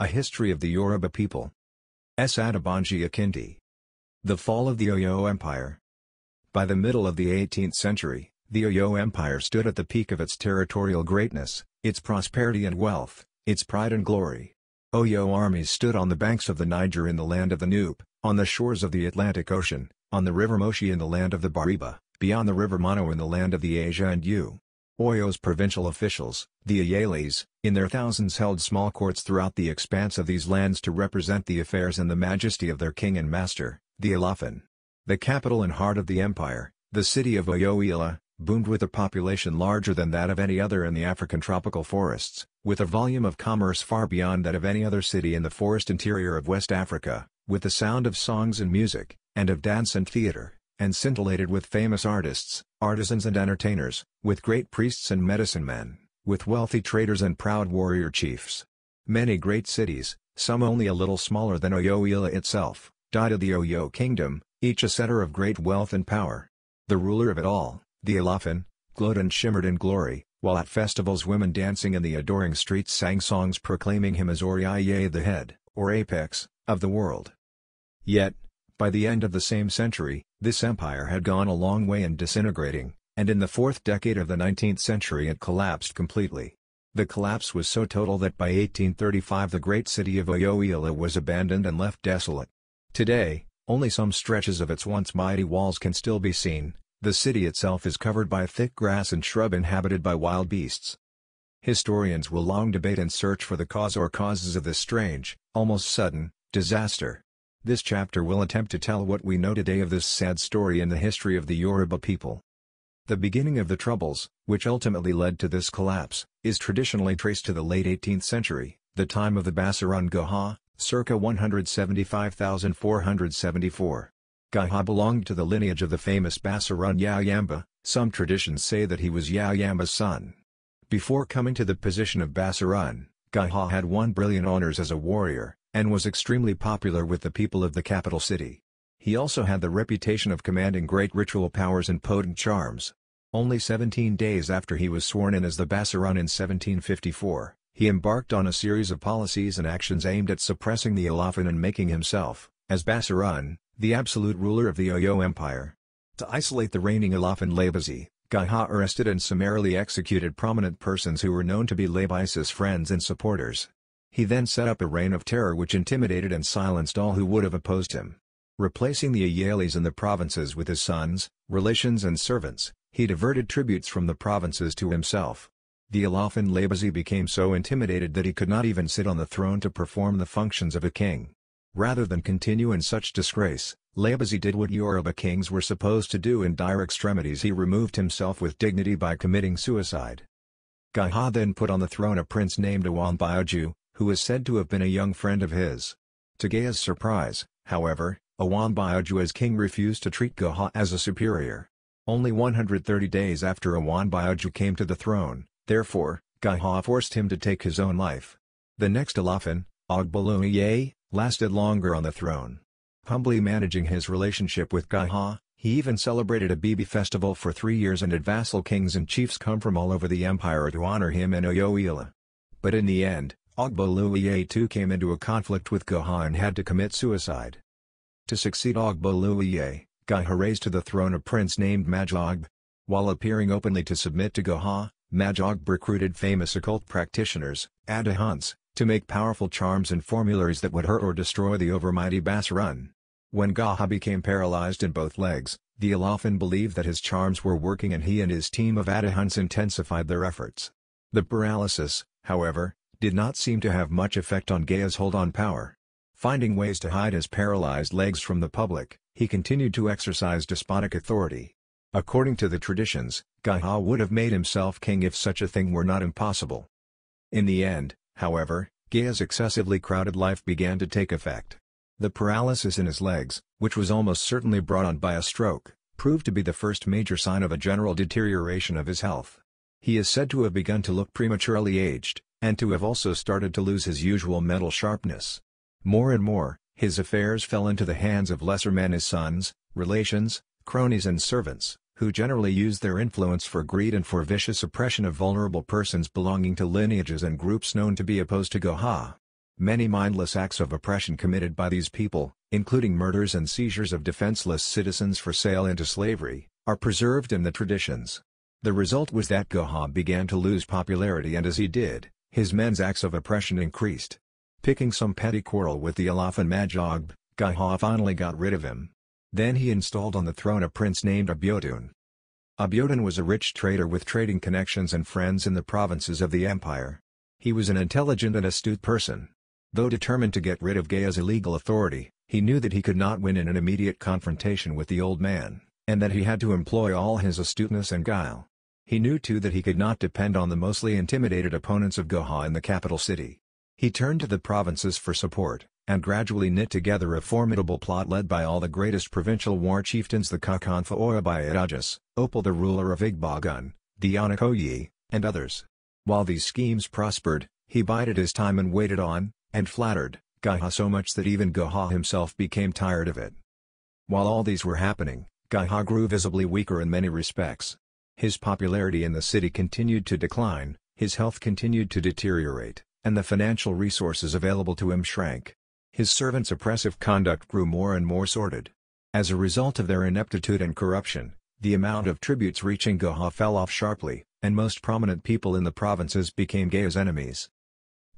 A History of the Yoruba People. S. Adabanji Akindi. The Fall of the Oyo Empire. By the middle of the 18th century, the Oyo Empire stood at the peak of its territorial greatness, its prosperity and wealth, its pride and glory. Oyo armies stood on the banks of the Niger in the land of the Nupe, on the shores of the Atlantic Ocean, on the river Moshi in the land of the Bariba, beyond the river Mono in the land of the Asia and U. Oyo's provincial officials, the Ayales, in their thousands held small courts throughout the expanse of these lands to represent the affairs and the majesty of their king and master, the Alafin. The capital and heart of the empire, the city of Oyoila, boomed with a population larger than that of any other in the African tropical forests, with a volume of commerce far beyond that of any other city in the forest interior of West Africa, with the sound of songs and music, and of dance and theater, and scintillated with famous artists, artisans and entertainers, with great priests and medicine men, with wealthy traders and proud warrior chiefs. Many great cities, some only a little smaller than Oyoila itself, died of the Oyo kingdom, each a center of great wealth and power. The ruler of it all, the Elafin, glowed and shimmered in glory, while at festivals women dancing in the adoring streets sang songs proclaiming him as Oriye the head, or apex, of the world. Yet, by the end of the same century, this empire had gone a long way in disintegrating, and in the fourth decade of the 19th century it collapsed completely. The collapse was so total that by 1835 the great city of Oyoila was abandoned and left desolate. Today, only some stretches of its once mighty walls can still be seen, the city itself is covered by thick grass and shrub inhabited by wild beasts. Historians will long debate and search for the cause or causes of this strange, almost sudden, disaster. This chapter will attempt to tell what we know today of this sad story in the history of the Yoruba people. The beginning of the Troubles, which ultimately led to this collapse, is traditionally traced to the late 18th century, the time of the Basaran Gaha, circa 175,474. Gaha belonged to the lineage of the famous Basaran Yayamba, some traditions say that he was Yayamba's son. Before coming to the position of Basaran, Gaha had won brilliant honors as a warrior, and was extremely popular with the people of the capital city. He also had the reputation of commanding great ritual powers and potent charms. Only 17 days after he was sworn in as the Basaran in 1754, he embarked on a series of policies and actions aimed at suppressing the Alafan and making himself, as Basaran, the absolute ruler of the Oyo Empire. To isolate the reigning Alafan Labazi, Gaiha arrested and summarily executed prominent persons who were known to be Labisis friends and supporters. He then set up a reign of terror which intimidated and silenced all who would have opposed him. Replacing the Ayalis in the provinces with his sons, relations and servants, he diverted tributes from the provinces to himself. The Alafin Labazi became so intimidated that he could not even sit on the throne to perform the functions of a king. Rather than continue in such disgrace, Labazi did what Yoruba kings were supposed to do in dire extremities he removed himself with dignity by committing suicide. Gaiha then put on the throne a prince named Awan Bioju, who is said to have been a young friend of his. To Gaya's surprise, however, Awanbaoju as king refused to treat Gaha as a superior. Only 130 days after Awanbaoju came to the throne, therefore, Gaha forced him to take his own life. The next Alafin, Ogbaluniye, lasted longer on the throne. Humbly managing his relationship with Gaha, he even celebrated a Bibi festival for three years and had vassal kings and chiefs come from all over the empire to honor him in Oyoila. But in the end, Ogbaluye II came into a conflict with Gaha and had to commit suicide. To succeed Ogbaluye, Gaha raised to the throne a prince named Majogb. While appearing openly to submit to Gaha, Majog recruited famous occult practitioners, Adahunts, to make powerful charms and formularies that would hurt or destroy the overmighty Basrun. When Gaha became paralyzed in both legs, the Alafin believed that his charms were working and he and his team of Adahunts intensified their efforts. The paralysis, however, did not seem to have much effect on Gaya's hold on power. Finding ways to hide his paralyzed legs from the public, he continued to exercise despotic authority. According to the traditions, Gaia would have made himself king if such a thing were not impossible. In the end, however, Gaia's excessively crowded life began to take effect. The paralysis in his legs, which was almost certainly brought on by a stroke, proved to be the first major sign of a general deterioration of his health. He is said to have begun to look prematurely aged, and to have also started to lose his usual mental sharpness. More and more, his affairs fell into the hands of lesser men his sons, relations, cronies and servants, who generally used their influence for greed and for vicious oppression of vulnerable persons belonging to lineages and groups known to be opposed to Goha. Many mindless acts of oppression committed by these people, including murders and seizures of defenseless citizens for sale into slavery, are preserved in the traditions. The result was that Goha began to lose popularity and as he did, his men's acts of oppression increased. Picking some petty quarrel with the Alafan Majog, Gaha finally got rid of him. Then he installed on the throne a prince named Abiodun. Abiodun was a rich trader with trading connections and friends in the provinces of the empire. He was an intelligent and astute person. Though determined to get rid of Gaya's illegal authority, he knew that he could not win in an immediate confrontation with the old man, and that he had to employ all his astuteness and guile. He knew too that he could not depend on the mostly intimidated opponents of Goha in the capital city. He turned to the provinces for support, and gradually knit together a formidable plot led by all the greatest provincial war chieftains the Kakanfa Orabayarajas, Opal the ruler of Igbogun, Dianakoyi, and others. While these schemes prospered, he bided his time and waited on, and flattered, Goha so much that even Goha himself became tired of it. While all these were happening, Goha grew visibly weaker in many respects. His popularity in the city continued to decline, his health continued to deteriorate, and the financial resources available to him shrank. His servants' oppressive conduct grew more and more sordid. As a result of their ineptitude and corruption, the amount of tributes reaching Goha fell off sharply, and most prominent people in the provinces became Gaya's enemies.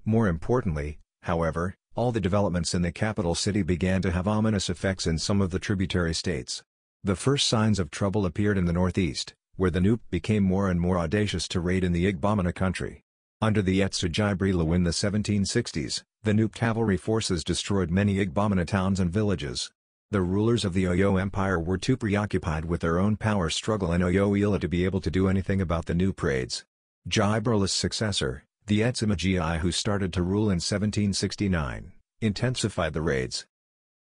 More importantly, however, all the developments in the capital city began to have ominous effects in some of the tributary states. The first signs of trouble appeared in the northeast, where the Nupe became more and more audacious to raid in the Igbamina country. Under the Yatsujibrilo in the 1760s, the Nupe cavalry forces destroyed many Igbamina towns and villages. The rulers of the Oyo Empire were too preoccupied with their own power struggle in Oyo-Ila to be able to do anything about the Nupe raids. Jibrila's successor, the Etsimagiai who started to rule in 1769, intensified the raids.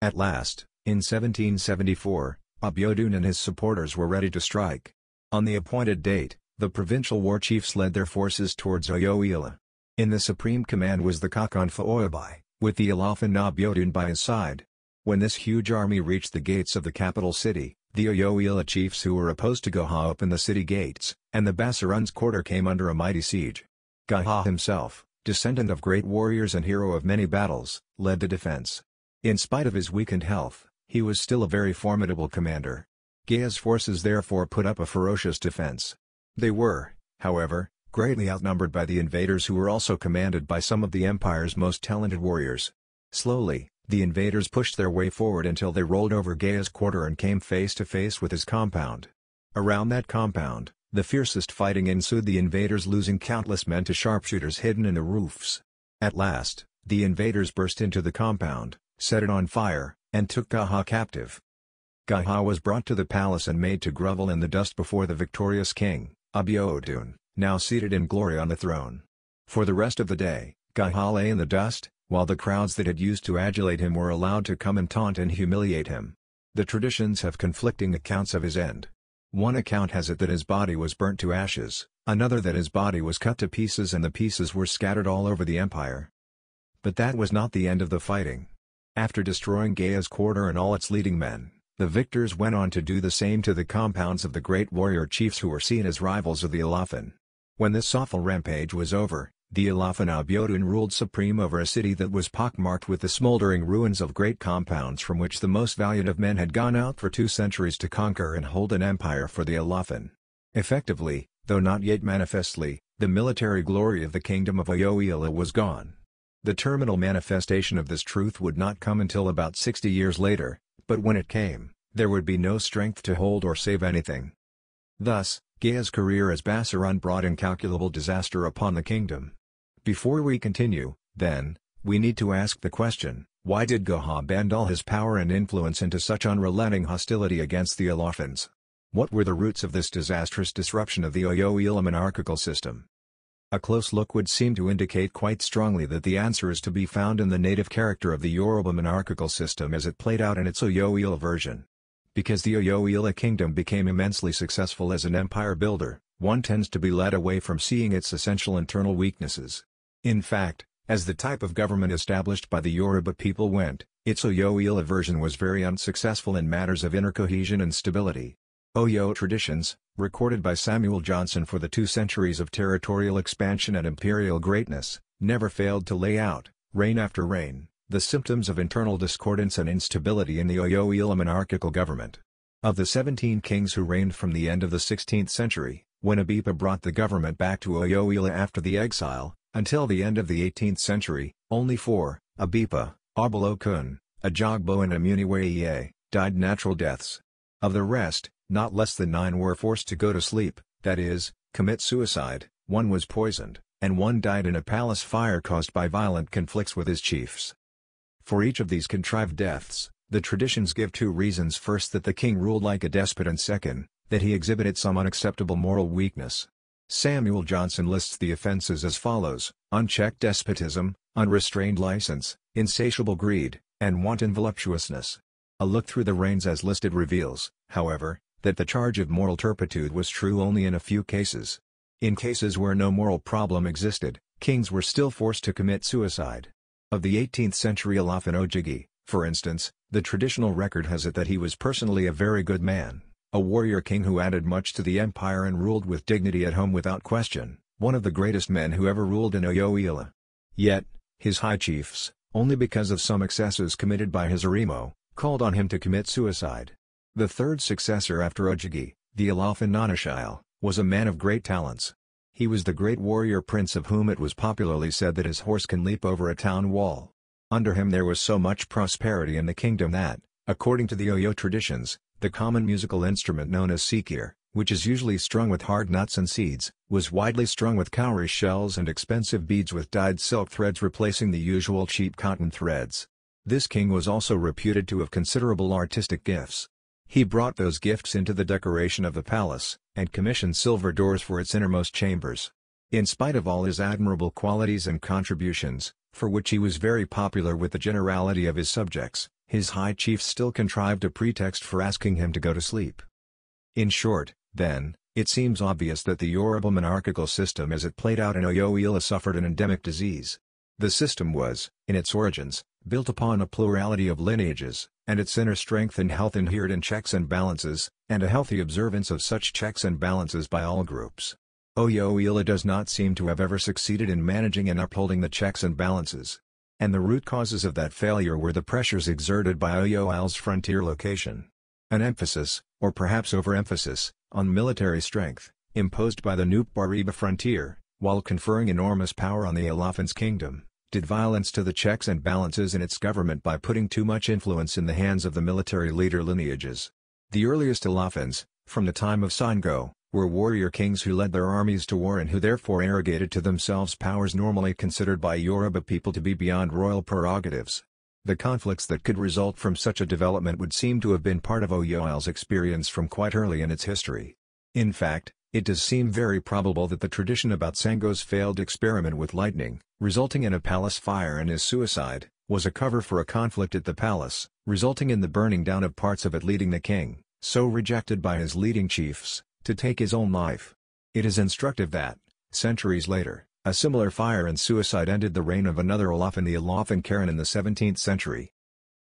At last, in 1774, Abiodun and his supporters were ready to strike. On the appointed date, the provincial war chiefs led their forces towards Oyoila. In the supreme command was the Kakan Faoyabai, with the Ilafan Nabyodun by his side. When this huge army reached the gates of the capital city, the Oyoila chiefs who were opposed to Gaha opened the city gates, and the Basarun's quarter came under a mighty siege. Gaha himself, descendant of great warriors and hero of many battles, led the defense. In spite of his weakened health, he was still a very formidable commander, Gaia's forces therefore put up a ferocious defense. They were, however, greatly outnumbered by the invaders who were also commanded by some of the empire's most talented warriors. Slowly, the invaders pushed their way forward until they rolled over Gaia's quarter and came face to face with his compound. Around that compound, the fiercest fighting ensued the invaders losing countless men to sharpshooters hidden in the roofs. At last, the invaders burst into the compound, set it on fire, and took Gaha captive. Gaha was brought to the palace and made to grovel in the dust before the victorious king, Abiodun, now seated in glory on the throne. For the rest of the day, Gaha lay in the dust, while the crowds that had used to adulate him were allowed to come and taunt and humiliate him. The traditions have conflicting accounts of his end. One account has it that his body was burnt to ashes, another that his body was cut to pieces and the pieces were scattered all over the empire. But that was not the end of the fighting. After destroying Gaia's quarter and all its leading men, the victors went on to do the same to the compounds of the great warrior chiefs who were seen as rivals of the Ilafan. When this awful rampage was over, the Ilafan Abiodun ruled supreme over a city that was pockmarked with the smoldering ruins of great compounds from which the most valiant of men had gone out for two centuries to conquer and hold an empire for the Ilafan. Effectively, though not yet manifestly, the military glory of the kingdom of Ayoila was gone. The terminal manifestation of this truth would not come until about 60 years later, but when it came, there would be no strength to hold or save anything. Thus, Gaya's career as Basaran brought incalculable disaster upon the kingdom. Before we continue, then, we need to ask the question, why did Gaha bend all his power and influence into such unrelenting hostility against the Alafans? What were the roots of this disastrous disruption of the Oyo-Ila monarchical system? A close look would seem to indicate quite strongly that the answer is to be found in the native character of the Yoruba monarchical system as it played out in its Oyoila version. Because the Oyoila kingdom became immensely successful as an empire builder, one tends to be led away from seeing its essential internal weaknesses. In fact, as the type of government established by the Yoruba people went, its Oyoila version was very unsuccessful in matters of inner cohesion and stability. Oyo traditions, recorded by Samuel Johnson for the two centuries of territorial expansion and imperial greatness, never failed to lay out, reign after reign, the symptoms of internal discordance and instability in the Ilà monarchical government. Of the 17 kings who reigned from the end of the 16th century, when Abipa brought the government back to Ilà after the exile, until the end of the 18th century, only four, Abipa, Abalokun, Ajagbo and Amuniwaiye, died natural deaths. Of the rest, not less than nine were forced to go to sleep, that is, commit suicide, one was poisoned, and one died in a palace fire caused by violent conflicts with his chiefs. For each of these contrived deaths, the traditions give two reasons first that the king ruled like a despot and second, that he exhibited some unacceptable moral weakness. Samuel Johnson lists the offenses as follows, unchecked despotism, unrestrained license, insatiable greed, and wanton voluptuousness. A look through the reigns as listed reveals, however, that the charge of moral turpitude was true only in a few cases. In cases where no moral problem existed, kings were still forced to commit suicide. Of the 18th century Alafin Ojigi, for instance, the traditional record has it that he was personally a very good man, a warrior king who added much to the empire and ruled with dignity at home without question, one of the greatest men who ever ruled in Oyoila. Yet, his high chiefs, only because of some excesses committed by his Arimo, called on him to commit suicide. The third successor after Ojigi, the Ilafin was a man of great talents. He was the great warrior prince of whom it was popularly said that his horse can leap over a town wall. Under him there was so much prosperity in the kingdom that, according to the Oyo traditions, the common musical instrument known as sikir, which is usually strung with hard nuts and seeds, was widely strung with cowrie shells and expensive beads with dyed silk threads replacing the usual cheap cotton threads. This king was also reputed to have considerable artistic gifts. He brought those gifts into the decoration of the palace, and commissioned silver doors for its innermost chambers. In spite of all his admirable qualities and contributions, for which he was very popular with the generality of his subjects, his high chiefs still contrived a pretext for asking him to go to sleep. In short, then, it seems obvious that the Yoruba monarchical system as it played out in Ilà suffered an endemic disease. The system was, in its origins, built upon a plurality of lineages, and its inner strength and health inhered in checks and balances, and a healthy observance of such checks and balances by all groups. Oyo Ilà does not seem to have ever succeeded in managing and upholding the checks and balances. And the root causes of that failure were the pressures exerted by Oyo Oyoil's frontier location. An emphasis, or perhaps overemphasis, on military strength, imposed by the Nup frontier, while conferring enormous power on the Alafans kingdom did violence to the checks and balances in its government by putting too much influence in the hands of the military leader lineages. The earliest Alafans, from the time of Sango, were warrior kings who led their armies to war and who therefore arrogated to themselves powers normally considered by Yoruba people to be beyond royal prerogatives. The conflicts that could result from such a development would seem to have been part of Oyoil's experience from quite early in its history. In fact, it does seem very probable that the tradition about Sango's failed experiment with lightning, resulting in a palace fire and his suicide, was a cover for a conflict at the palace, resulting in the burning down of parts of it leading the king, so rejected by his leading chiefs, to take his own life. It is instructive that, centuries later, a similar fire and suicide ended the reign of another Olaf in the and Karen in the 17th century.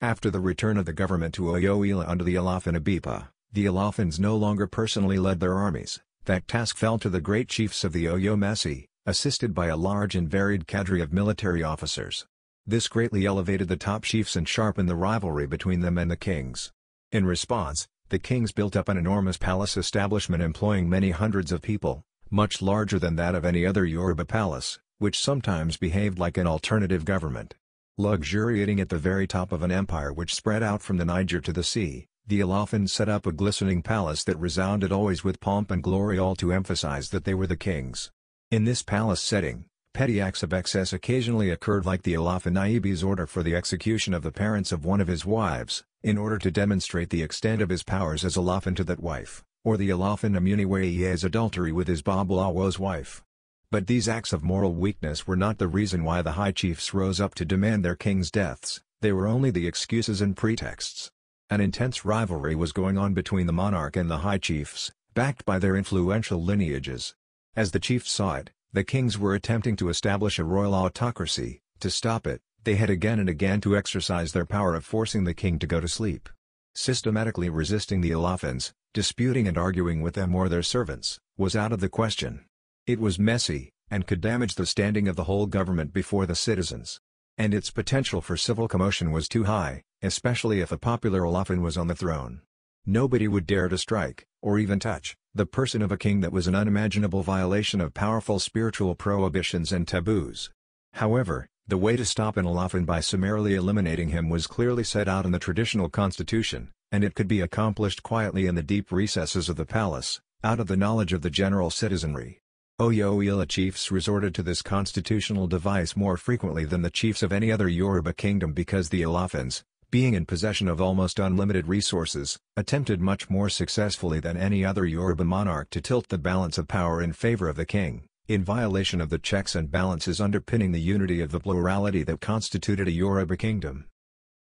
After the return of the government to Oyoila under the and Abipa, the Olafans no longer personally led their armies, that task fell to the great chiefs of the Oyo Messi, assisted by a large and varied cadre of military officers. This greatly elevated the top chiefs and sharpened the rivalry between them and the kings. In response, the kings built up an enormous palace establishment employing many hundreds of people, much larger than that of any other Yoruba palace, which sometimes behaved like an alternative government. Luxuriating at the very top of an empire which spread out from the Niger to the sea, the Alafin set up a glistening palace that resounded always with pomp and glory all to emphasize that they were the kings. In this palace setting, petty acts of excess occasionally occurred like the Alafin Iebes order for the execution of the parents of one of his wives, in order to demonstrate the extent of his powers as Alafin to that wife, or the Alafin Amuniwayye's adultery with his Bablawo's wife. But these acts of moral weakness were not the reason why the high chiefs rose up to demand their king's deaths, they were only the excuses and pretexts. An intense rivalry was going on between the monarch and the high chiefs, backed by their influential lineages. As the chiefs saw it, the kings were attempting to establish a royal autocracy, to stop it, they had again and again to exercise their power of forcing the king to go to sleep. Systematically resisting the Alafans, disputing and arguing with them or their servants, was out of the question. It was messy, and could damage the standing of the whole government before the citizens and its potential for civil commotion was too high, especially if a popular Olafin was on the throne. Nobody would dare to strike, or even touch, the person of a king that was an unimaginable violation of powerful spiritual prohibitions and taboos. However, the way to stop an Olafin by summarily eliminating him was clearly set out in the traditional constitution, and it could be accomplished quietly in the deep recesses of the palace, out of the knowledge of the general citizenry. Oyoila chiefs resorted to this constitutional device more frequently than the chiefs of any other Yoruba kingdom because the Ilafans, being in possession of almost unlimited resources, attempted much more successfully than any other Yoruba monarch to tilt the balance of power in favor of the king, in violation of the checks and balances underpinning the unity of the plurality that constituted a Yoruba kingdom.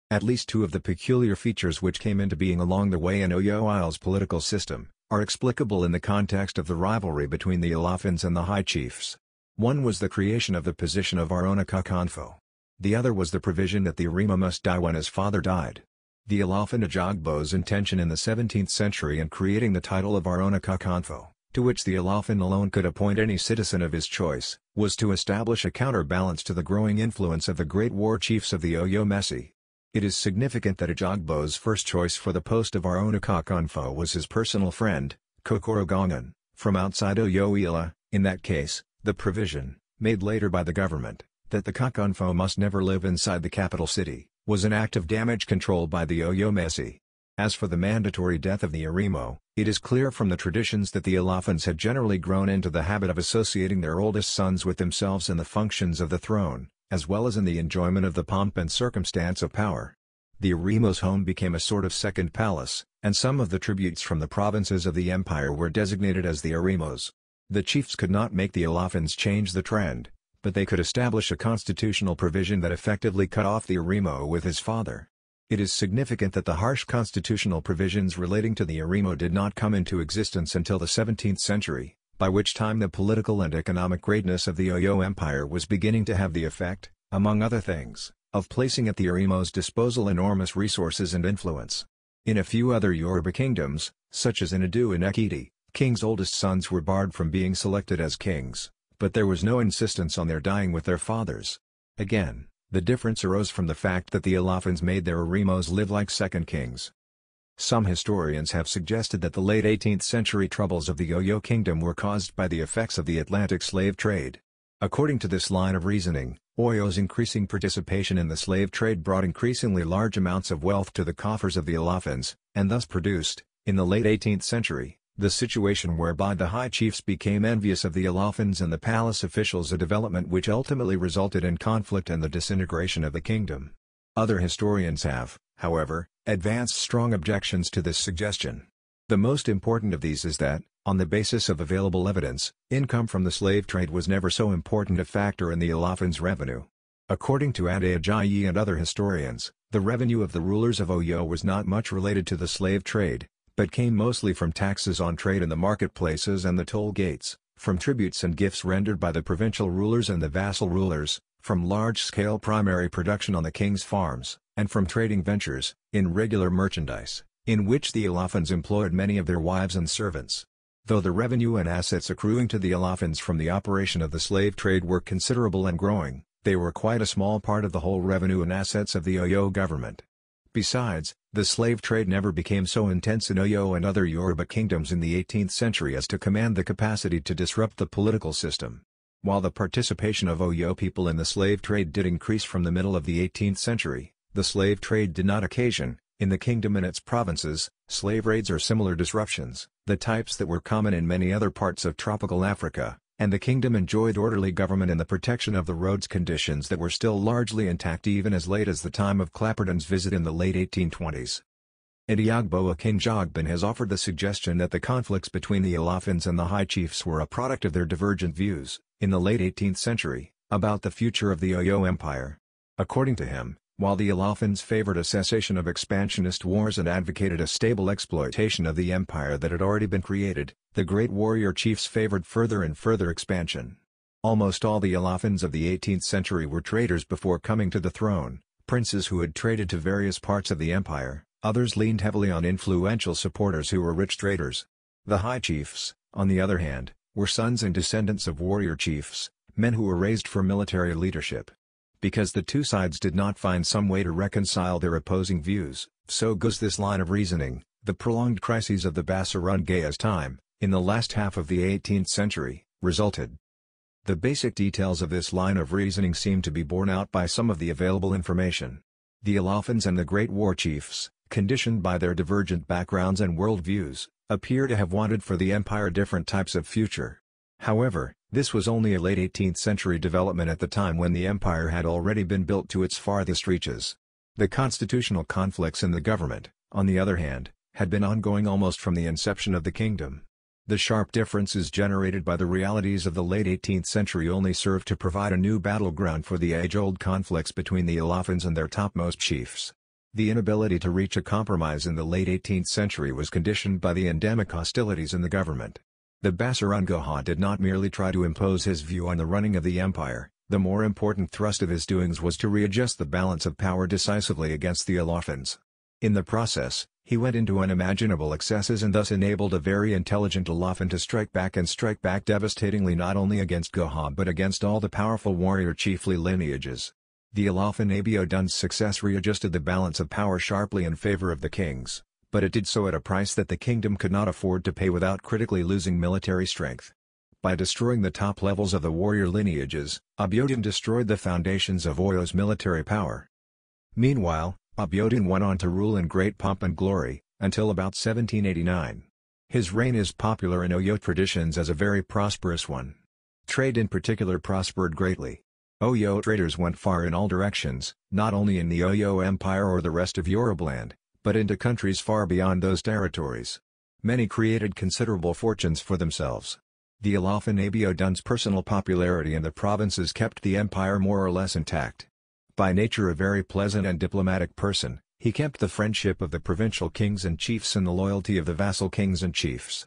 At least two of the peculiar features which came into being along the way in Oyo Isle's political system, are explicable in the context of the rivalry between the Alafins and the High Chiefs. One was the creation of the position of Arona Kakanfo. The other was the provision that the Arima must die when his father died. The Alafin Ajagbo's intention in the 17th century in creating the title of Arona Kakanfo, to which the Alafin alone could appoint any citizen of his choice, was to establish a counterbalance to the growing influence of the great war chiefs of the Oyo Messi, it is significant that Ajagbo's first choice for the post of our own Akakonfo was his personal friend, Kokoro Gongan, from outside Oyoila, in that case, the provision, made later by the government, that the Kakonfo must never live inside the capital city, was an act of damage control by the Oyomesi. As for the mandatory death of the Arimo, it is clear from the traditions that the Alafans had generally grown into the habit of associating their oldest sons with themselves and the functions of the throne, as well as in the enjoyment of the pomp and circumstance of power. The Aremos home became a sort of second palace, and some of the tributes from the provinces of the empire were designated as the Aremos. The chiefs could not make the Alafans change the trend, but they could establish a constitutional provision that effectively cut off the Aremo with his father. It is significant that the harsh constitutional provisions relating to the Aremo did not come into existence until the 17th century by which time the political and economic greatness of the Oyo Empire was beginning to have the effect, among other things, of placing at the Arimo's disposal enormous resources and influence. In a few other Yoruba kingdoms, such as in Adu and Ekiti, kings' oldest sons were barred from being selected as kings, but there was no insistence on their dying with their fathers. Again, the difference arose from the fact that the Alafans made their Arimos live like second kings, some historians have suggested that the late 18th century troubles of the Yo-Yo Kingdom were caused by the effects of the Atlantic slave trade. According to this line of reasoning, Oyo's increasing participation in the slave trade brought increasingly large amounts of wealth to the coffers of the Alafans, and thus produced, in the late 18th century, the situation whereby the high chiefs became envious of the Alafans and the palace officials a development which ultimately resulted in conflict and the disintegration of the kingdom. Other historians have, however, advanced strong objections to this suggestion. The most important of these is that, on the basis of available evidence, income from the slave trade was never so important a factor in the Ilafin's revenue. According to Ade Ajayi and other historians, the revenue of the rulers of Oyo was not much related to the slave trade, but came mostly from taxes on trade in the marketplaces and the toll gates, from tributes and gifts rendered by the provincial rulers and the vassal rulers, from large-scale primary production on the king's farms, and from trading ventures, in regular merchandise, in which the Alafans employed many of their wives and servants. Though the revenue and assets accruing to the Alafans from the operation of the slave trade were considerable and growing, they were quite a small part of the whole revenue and assets of the Oyo government. Besides, the slave trade never became so intense in Oyo and other Yoruba kingdoms in the 18th century as to command the capacity to disrupt the political system. While the participation of Oyo people in the slave trade did increase from the middle of the 18th century, the slave trade did not occasion, in the kingdom and its provinces, slave raids or similar disruptions, the types that were common in many other parts of tropical Africa, and the kingdom enjoyed orderly government and the protection of the roads conditions that were still largely intact even as late as the time of Clapperton's visit in the late 1820s. Ndiagbo Akinjogbin has offered the suggestion that the conflicts between the Alafins and the High Chiefs were a product of their divergent views, in the late 18th century, about the future of the Oyo Empire. According to him, while the Alafans favored a cessation of expansionist wars and advocated a stable exploitation of the empire that had already been created, the great warrior chiefs favored further and further expansion. Almost all the Alafans of the 18th century were traders before coming to the throne, princes who had traded to various parts of the empire, others leaned heavily on influential supporters who were rich traders. The high chiefs, on the other hand, were sons and descendants of warrior chiefs, men who were raised for military leadership. Because the two sides did not find some way to reconcile their opposing views, so goes this line of reasoning, the prolonged crises of the Basarangaya's time, in the last half of the 18th century, resulted. The basic details of this line of reasoning seem to be borne out by some of the available information. The Alafans and the great war chiefs, conditioned by their divergent backgrounds and worldviews, appear to have wanted for the empire different types of future. However, this was only a late 18th century development at the time when the empire had already been built to its farthest reaches. The constitutional conflicts in the government, on the other hand, had been ongoing almost from the inception of the kingdom. The sharp differences generated by the realities of the late 18th century only served to provide a new battleground for the age-old conflicts between the Alafans and their topmost chiefs. The inability to reach a compromise in the late 18th century was conditioned by the endemic hostilities in the government. The Basarangaha did not merely try to impose his view on the running of the empire, the more important thrust of his doings was to readjust the balance of power decisively against the Alafans. In the process, he went into unimaginable excesses and thus enabled a very intelligent Alafan to strike back and strike back devastatingly not only against Goha but against all the powerful warrior chiefly lineages. The Alafan Abiodun's success readjusted the balance of power sharply in favor of the kings but it did so at a price that the kingdom could not afford to pay without critically losing military strength. By destroying the top levels of the warrior lineages, Abiodun destroyed the foundations of Oyo's military power. Meanwhile, Abiodun went on to rule in great pomp and glory, until about 1789. His reign is popular in Oyo traditions as a very prosperous one. Trade in particular prospered greatly. Oyo traders went far in all directions, not only in the Oyo Empire or the rest of Yorubaland, but into countries far beyond those territories. Many created considerable fortunes for themselves. The Ilafanabi Abiodun's personal popularity in the provinces kept the empire more or less intact. By nature a very pleasant and diplomatic person, he kept the friendship of the provincial kings and chiefs and the loyalty of the vassal kings and chiefs.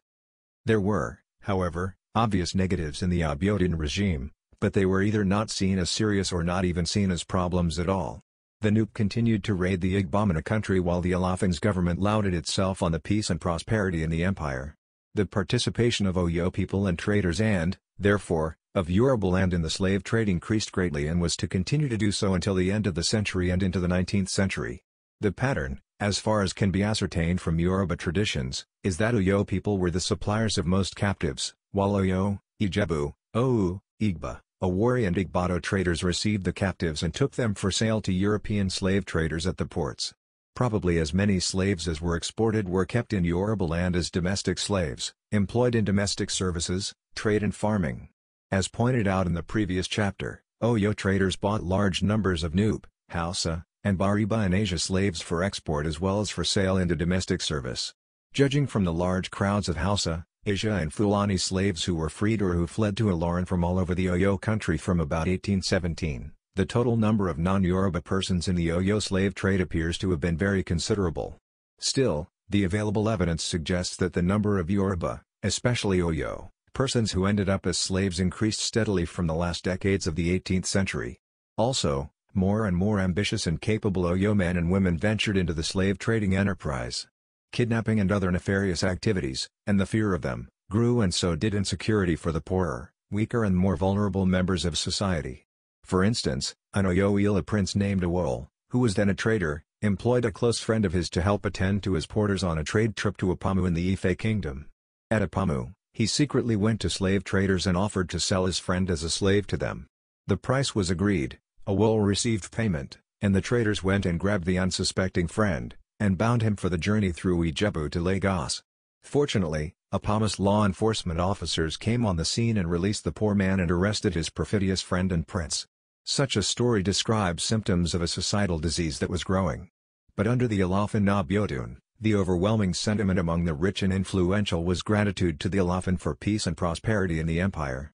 There were, however, obvious negatives in the Abiodun regime, but they were either not seen as serious or not even seen as problems at all. The Nupe continued to raid the Igbamina country while the Alafin's government lauded itself on the peace and prosperity in the empire. The participation of Oyo people and traders and, therefore, of Yoruba land in the slave trade increased greatly and was to continue to do so until the end of the century and into the 19th century. The pattern, as far as can be ascertained from Yoruba traditions, is that Oyo people were the suppliers of most captives, while Oyo, Ijebu, Ou, Igba, Awari and Igbato traders received the captives and took them for sale to European slave traders at the ports. Probably as many slaves as were exported were kept in Yoruba land as domestic slaves, employed in domestic services, trade and farming. As pointed out in the previous chapter, Oyo traders bought large numbers of Noob, Hausa, and Bariba and Asia slaves for export as well as for sale into domestic service. Judging from the large crowds of Hausa, Asia and Fulani slaves who were freed or who fled to Ilorin from all over the Oyo country from about 1817. The total number of non-Yoruba persons in the Oyo slave trade appears to have been very considerable. Still, the available evidence suggests that the number of Yoruba, especially Oyo, persons who ended up as slaves increased steadily from the last decades of the 18th century. Also, more and more ambitious and capable Oyo men and women ventured into the slave trading enterprise kidnapping and other nefarious activities, and the fear of them, grew and so did insecurity for the poorer, weaker and more vulnerable members of society. For instance, an Oyoila prince named Awol, who was then a trader, employed a close friend of his to help attend to his porters on a trade trip to Apamu in the Ife kingdom. At Apamu, he secretly went to slave traders and offered to sell his friend as a slave to them. The price was agreed, Awol received payment, and the traders went and grabbed the unsuspecting friend, and bound him for the journey through Ijebu to Lagos. Fortunately, Apamas law enforcement officers came on the scene and released the poor man and arrested his perfidious friend and prince. Such a story describes symptoms of a societal disease that was growing. But under the Alafin Abiodun, the overwhelming sentiment among the rich and influential was gratitude to the Alafin for peace and prosperity in the empire.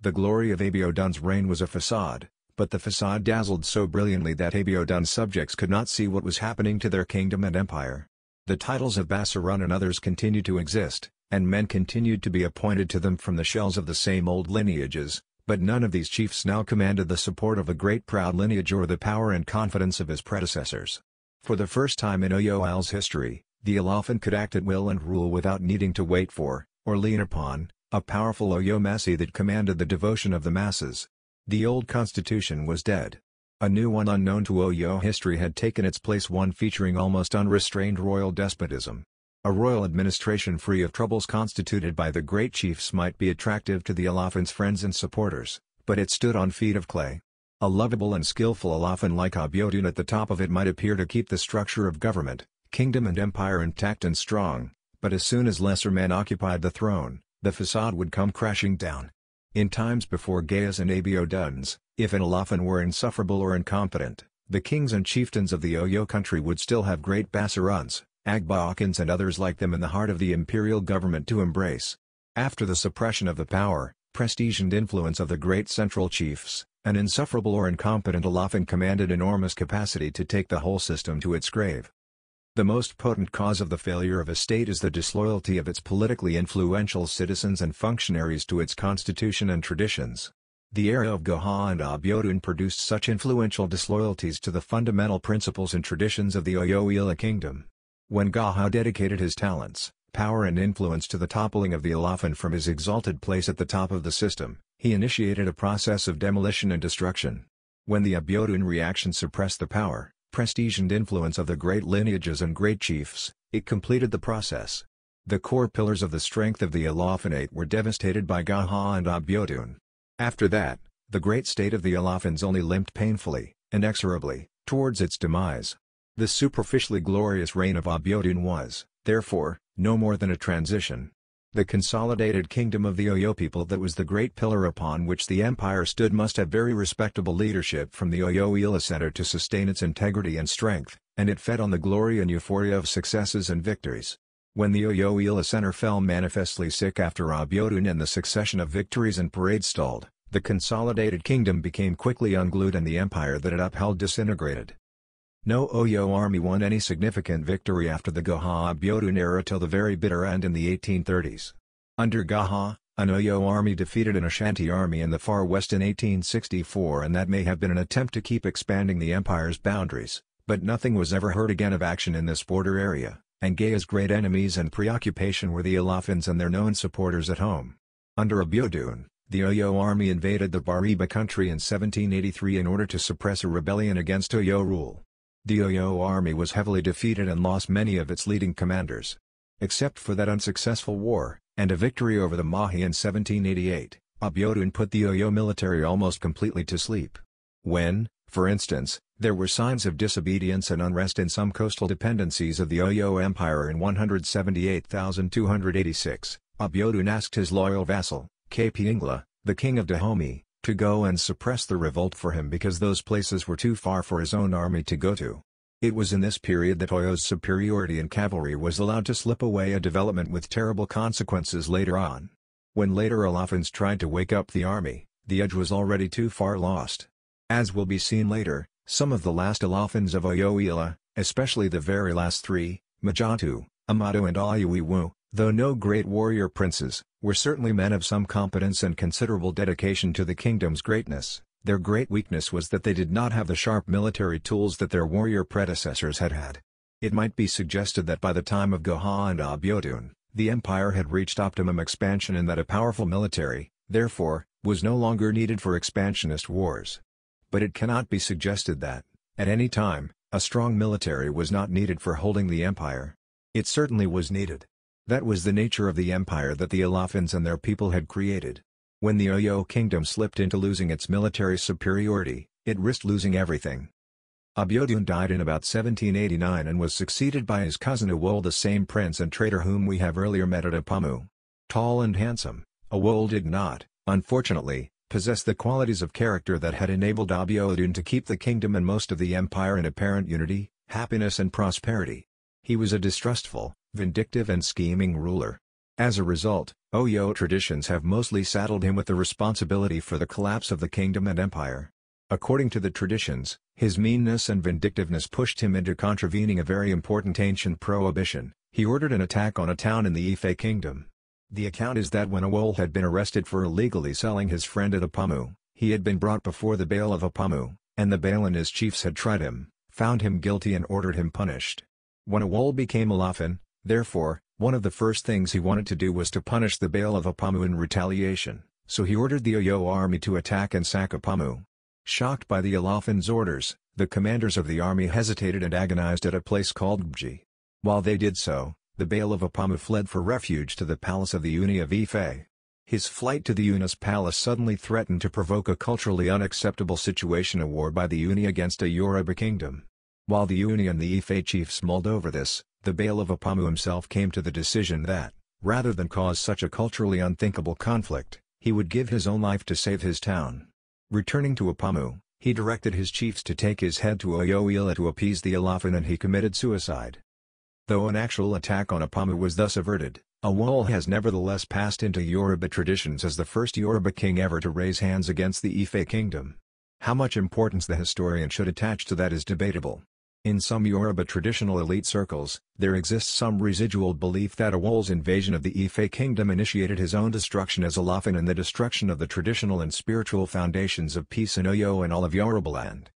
The glory of Abiodun's reign was a facade, but the facade dazzled so brilliantly that Abiodun subjects could not see what was happening to their kingdom and empire. The titles of Basarun and others continued to exist, and men continued to be appointed to them from the shells of the same old lineages, but none of these chiefs now commanded the support of a great proud lineage or the power and confidence of his predecessors. For the first time in Oyoal's history, the Elafan could act at will and rule without needing to wait for, or lean upon, a powerful Oyomasi that commanded the devotion of the masses. The old constitution was dead. A new one unknown to Oyo history had taken its place one featuring almost unrestrained royal despotism. A royal administration free of troubles constituted by the great chiefs might be attractive to the Alafan's friends and supporters, but it stood on feet of clay. A lovable and skillful Alafan like Abiodun at the top of it might appear to keep the structure of government, kingdom and empire intact and strong, but as soon as lesser men occupied the throne, the facade would come crashing down. In times before Gaius and Abio Duns, if Alafan were insufferable or incompetent, the kings and chieftains of the Oyo country would still have great Basarans, Agbaokans and others like them in the heart of the imperial government to embrace. After the suppression of the power, prestige and influence of the great central chiefs, an insufferable or incompetent Alafan commanded enormous capacity to take the whole system to its grave. The most potent cause of the failure of a state is the disloyalty of its politically influential citizens and functionaries to its constitution and traditions. The era of Goha and Abyodun produced such influential disloyalties to the fundamental principles and traditions of the Oyoila kingdom. When Gaha dedicated his talents, power and influence to the toppling of the Alafan from his exalted place at the top of the system, he initiated a process of demolition and destruction. When the Abyodun reaction suppressed the power, prestige and influence of the great lineages and great chiefs, it completed the process. The core pillars of the strength of the Elophinate were devastated by Gaha and Abyodun. After that, the great state of the Elophins only limped painfully, inexorably, towards its demise. The superficially glorious reign of Abyodun was, therefore, no more than a transition, the consolidated kingdom of the Oyo people that was the great pillar upon which the empire stood must have very respectable leadership from the Oyo Ila Center to sustain its integrity and strength, and it fed on the glory and euphoria of successes and victories. When the Oyo Ila Center fell manifestly sick after Abiodun and the succession of victories and parades stalled, the consolidated kingdom became quickly unglued and the empire that it upheld disintegrated. No Oyo army won any significant victory after the Gaha Abiodun era till the very bitter end in the 1830s. Under Gaha, an Oyo army defeated an Ashanti army in the far west in 1864 and that may have been an attempt to keep expanding the empire's boundaries, but nothing was ever heard again of action in this border area, and Gaya's great enemies and preoccupation were the Alafins and their known supporters at home. Under Abiodun, the Oyo army invaded the Bariba country in 1783 in order to suppress a rebellion against Oyo rule. The Oyo army was heavily defeated and lost many of its leading commanders. Except for that unsuccessful war, and a victory over the Mahi in 1788, Abiodun put the Oyo military almost completely to sleep. When, for instance, there were signs of disobedience and unrest in some coastal dependencies of the Oyo Empire in 178,286, Abiodun asked his loyal vassal, K. Ingla, the king of Dahomey, to go and suppress the revolt for him because those places were too far for his own army to go to. It was in this period that Oyo's superiority in cavalry was allowed to slip away a development with terrible consequences later on. When later Olafens tried to wake up the army, the edge was already too far lost. As will be seen later, some of the last Olafens of Oyoila, especially the very last three, Majatu, Amado and Ayuiwu, Though no great warrior princes, were certainly men of some competence and considerable dedication to the kingdom's greatness, their great weakness was that they did not have the sharp military tools that their warrior predecessors had had. It might be suggested that by the time of Goha and Abiodun, the empire had reached optimum expansion and that a powerful military, therefore, was no longer needed for expansionist wars. But it cannot be suggested that, at any time, a strong military was not needed for holding the empire. It certainly was needed. That was the nature of the empire that the Alafins and their people had created. When the Oyo kingdom slipped into losing its military superiority, it risked losing everything. Abiodun died in about 1789 and was succeeded by his cousin Awol the same prince and traitor whom we have earlier met at Apamu. Tall and handsome, Awol did not, unfortunately, possess the qualities of character that had enabled Abiodun to keep the kingdom and most of the empire in apparent unity, happiness and prosperity. He was a distrustful, vindictive and scheming ruler. As a result, Oyo traditions have mostly saddled him with the responsibility for the collapse of the kingdom and empire. According to the traditions, his meanness and vindictiveness pushed him into contravening a very important ancient prohibition, he ordered an attack on a town in the Ife kingdom. The account is that when Awol had been arrested for illegally selling his friend at Apamu, he had been brought before the bail of Apamu, and the bail and his chiefs had tried him, found him guilty and ordered him punished. When Awol became lafin. Therefore, one of the first things he wanted to do was to punish the Bail of Apamu in retaliation, so he ordered the Oyo army to attack and sack Apamu. Shocked by the Alafin's orders, the commanders of the army hesitated and agonized at a place called Gbji. While they did so, the Bail of Apamu fled for refuge to the palace of the Uni of Ife. His flight to the Yuna's palace suddenly threatened to provoke a culturally unacceptable situation a war by the Uni against a Yoruba kingdom. While the Uni and the Ife chiefs mulled over this, the Bale of Apamu himself came to the decision that, rather than cause such a culturally unthinkable conflict, he would give his own life to save his town. Returning to Apamu, he directed his chiefs to take his head to Oyoila to appease the Alafan and he committed suicide. Though an actual attack on Apamu was thus averted, a wall has nevertheless passed into Yoruba traditions as the first Yoruba king ever to raise hands against the Ife kingdom. How much importance the historian should attach to that is debatable. In some Yoruba traditional elite circles, there exists some residual belief that Awol's invasion of the Ife kingdom initiated his own destruction as Olafin and the destruction of the traditional and spiritual foundations of peace in Oyo and all of land.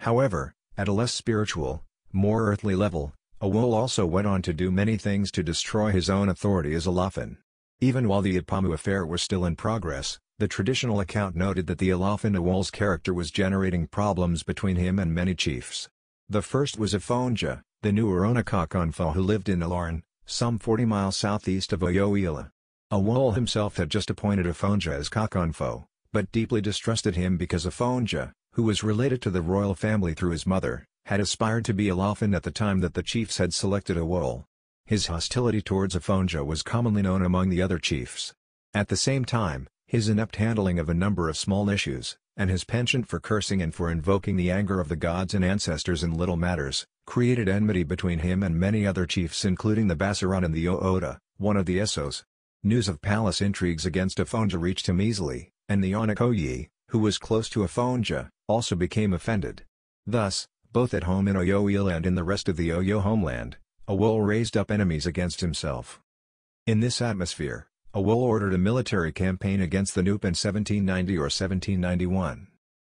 However, at a less spiritual, more earthly level, Awol also went on to do many things to destroy his own authority as Olafin. Even while the Ipamu affair was still in progress, the traditional account noted that the Olafin Awol's character was generating problems between him and many chiefs. The first was Afonja, the new Oronokokonfa who lived in Ilorin, some 40 miles southeast of Oyoila. Awol himself had just appointed Afonja as Kokonfo, but deeply distrusted him because Afonja, who was related to the royal family through his mother, had aspired to be Alafin at the time that the chiefs had selected Awol. His hostility towards Afonja was commonly known among the other chiefs. At the same time, his inept handling of a number of small issues, and his penchant for cursing and for invoking the anger of the gods and ancestors in little matters, created enmity between him and many other chiefs including the Basaran and the Oota, one of the Essos. News of palace intrigues against Afonja reached him easily, and the Onikoyi, who was close to Afonja, also became offended. Thus, both at home in Oyo and in the rest of the Oyo homeland, Awol raised up enemies against himself. In this atmosphere, Awol ordered a military campaign against the Nup in 1790 or 1791.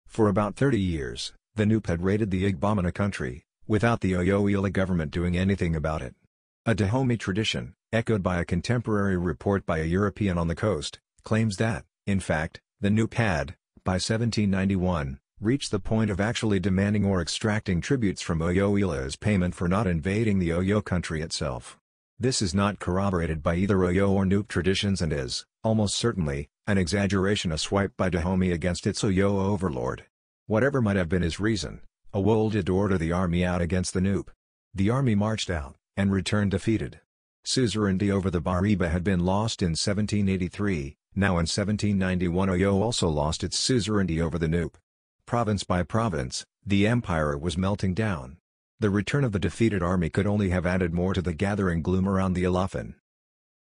For about 30 years, the Nup had raided the Igbamina country, without the Oyoila government doing anything about it. A Dahomey tradition, echoed by a contemporary report by a European on the coast, claims that, in fact, the Nup had, by 1791, reached the point of actually demanding or extracting tributes from Oyoila as payment for not invading the Oyo country itself. This is not corroborated by either Oyo or Noop traditions and is, almost certainly, an exaggeration a swipe by Dahomey against its Oyo overlord. Whatever might have been his reason, Awold did order the army out against the Noop. The army marched out, and returned defeated. Suzerainty over the Bariba had been lost in 1783, now in 1791 Oyo also lost its suzerainty over the Noop. Province by province, the empire was melting down. The return of the defeated army could only have added more to the gathering gloom around the Alafin.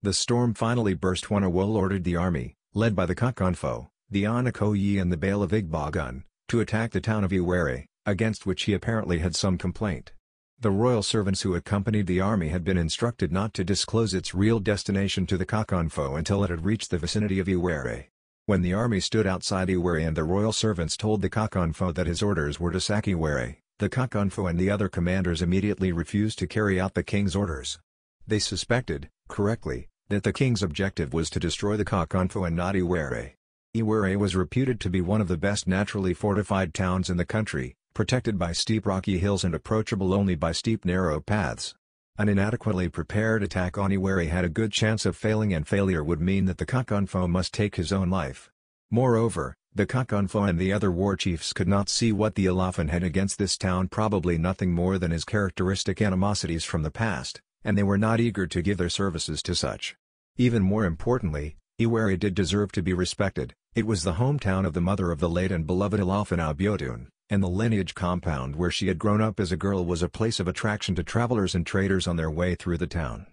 The storm finally burst when Awol ordered the army, led by the Kakonfo, the Anakoyi and the Bale of Igbogun, to attack the town of Iwere, against which he apparently had some complaint. The royal servants who accompanied the army had been instructed not to disclose its real destination to the Kakonfo until it had reached the vicinity of Iwere. When the army stood outside Iwere and the royal servants told the Kakonfo that his orders were to sack Iwere, the Kakunfu and the other commanders immediately refused to carry out the king's orders. They suspected, correctly, that the king's objective was to destroy the Kakunfu and not Iwere. Iwere was reputed to be one of the best naturally fortified towns in the country, protected by steep rocky hills and approachable only by steep narrow paths. An inadequately prepared attack on Iwere had a good chance of failing and failure would mean that the Kakunfo must take his own life. Moreover, the Kakonfa and the other war chiefs could not see what the Alafan had against this town probably nothing more than his characteristic animosities from the past, and they were not eager to give their services to such. Even more importantly, Iwere did deserve to be respected, it was the hometown of the mother of the late and beloved Alafan Abiodun, and the lineage compound where she had grown up as a girl was a place of attraction to travelers and traders on their way through the town.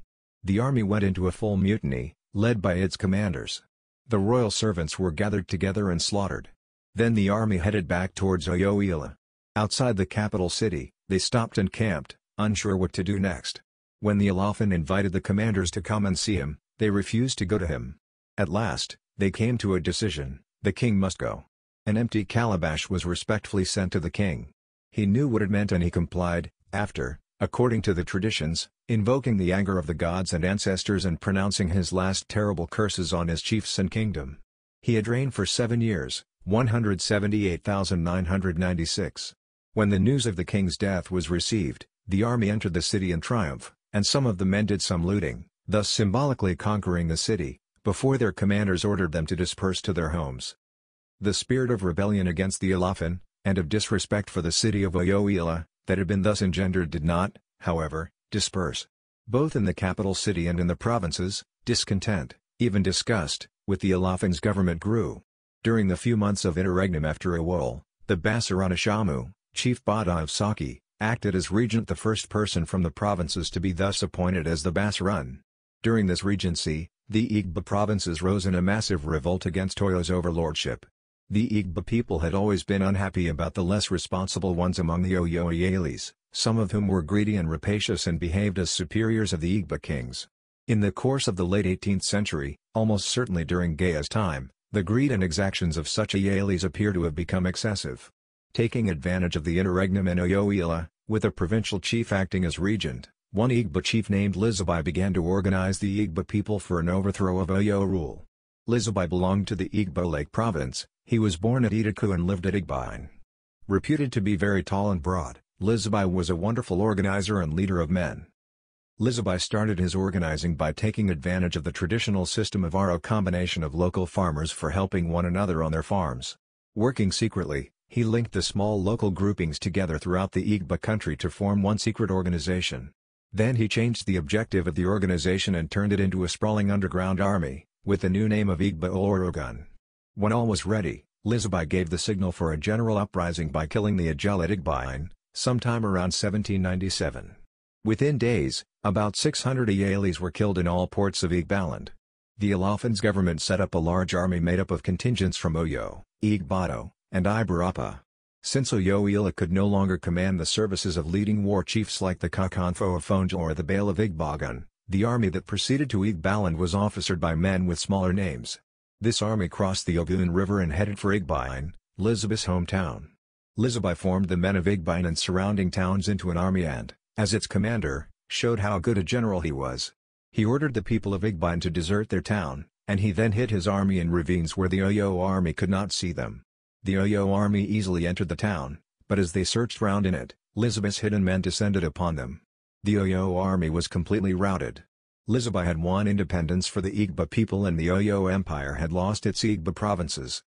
The army went into a full mutiny, led by its commanders. The royal servants were gathered together and slaughtered. Then the army headed back towards Oyoila. Outside the capital city, they stopped and camped, unsure what to do next. When the Alafin invited the commanders to come and see him, they refused to go to him. At last, they came to a decision, the king must go. An empty calabash was respectfully sent to the king. He knew what it meant and he complied, after, according to the traditions, invoking the anger of the gods and ancestors and pronouncing his last terrible curses on his chiefs and kingdom. He had reigned for seven years, 178,996. When the news of the king's death was received, the army entered the city in triumph, and some of the men did some looting, thus symbolically conquering the city, before their commanders ordered them to disperse to their homes. The spirit of rebellion against the Ilafan, and of disrespect for the city of Oyoila, that had been thus engendered did not, however, disperse. Both in the capital city and in the provinces, discontent, even disgust, with the Alafin's government grew. During the few months of interregnum after Awol, the Basaranishamu, chief Bada of Saki, acted as regent the first person from the provinces to be thus appointed as the Basrun. During this regency, the Igba provinces rose in a massive revolt against Toyo's overlordship. The Igba people had always been unhappy about the less responsible ones among the Oyoyalis, some of whom were greedy and rapacious and behaved as superiors of the Igba kings. In the course of the late 18th century, almost certainly during Gaya's time, the greed and exactions of such Ayalis appear to have become excessive. Taking advantage of the interregnum in Oyoila, with a provincial chief acting as regent, one Igba chief named Lizabai began to organize the Igba people for an overthrow of Oyo rule. Lizabai belonged to the Igbo Lake province, he was born at Itaku and lived at Igbine. Reputed to be very tall and broad, Lizabai was a wonderful organizer and leader of men. Lizabai started his organizing by taking advantage of the traditional system of RO combination of local farmers for helping one another on their farms. Working secretly, he linked the small local groupings together throughout the Igba country to form one secret organization. Then he changed the objective of the organization and turned it into a sprawling underground army, with the new name of Igba Orogun. When all was ready, Lizabai gave the signal for a general uprising by killing the Ajalit Igbain, sometime around 1797. Within days, about 600 Ayalis were killed in all ports of Igbaland. The Ilafans government set up a large army made up of contingents from Oyo, Igbato, and Ibarapa. Since Ila could no longer command the services of leading war chiefs like the Kakanfo of Fonjo or the Bale of Igbogun, the army that proceeded to Igbaland was officered by men with smaller names. This army crossed the Ogun River and headed for Igbayan, Lisbeth's hometown. Lizabai formed the men of Igbine and surrounding towns into an army and, as its commander, showed how good a general he was. He ordered the people of Igbine to desert their town, and he then hid his army in ravines where the Oyo army could not see them. The Oyo army easily entered the town, but as they searched round in it, Lizabai's hidden men descended upon them. The Oyo army was completely routed. Lizabai had won independence for the Igba people and the Oyo Empire had lost its Igba provinces.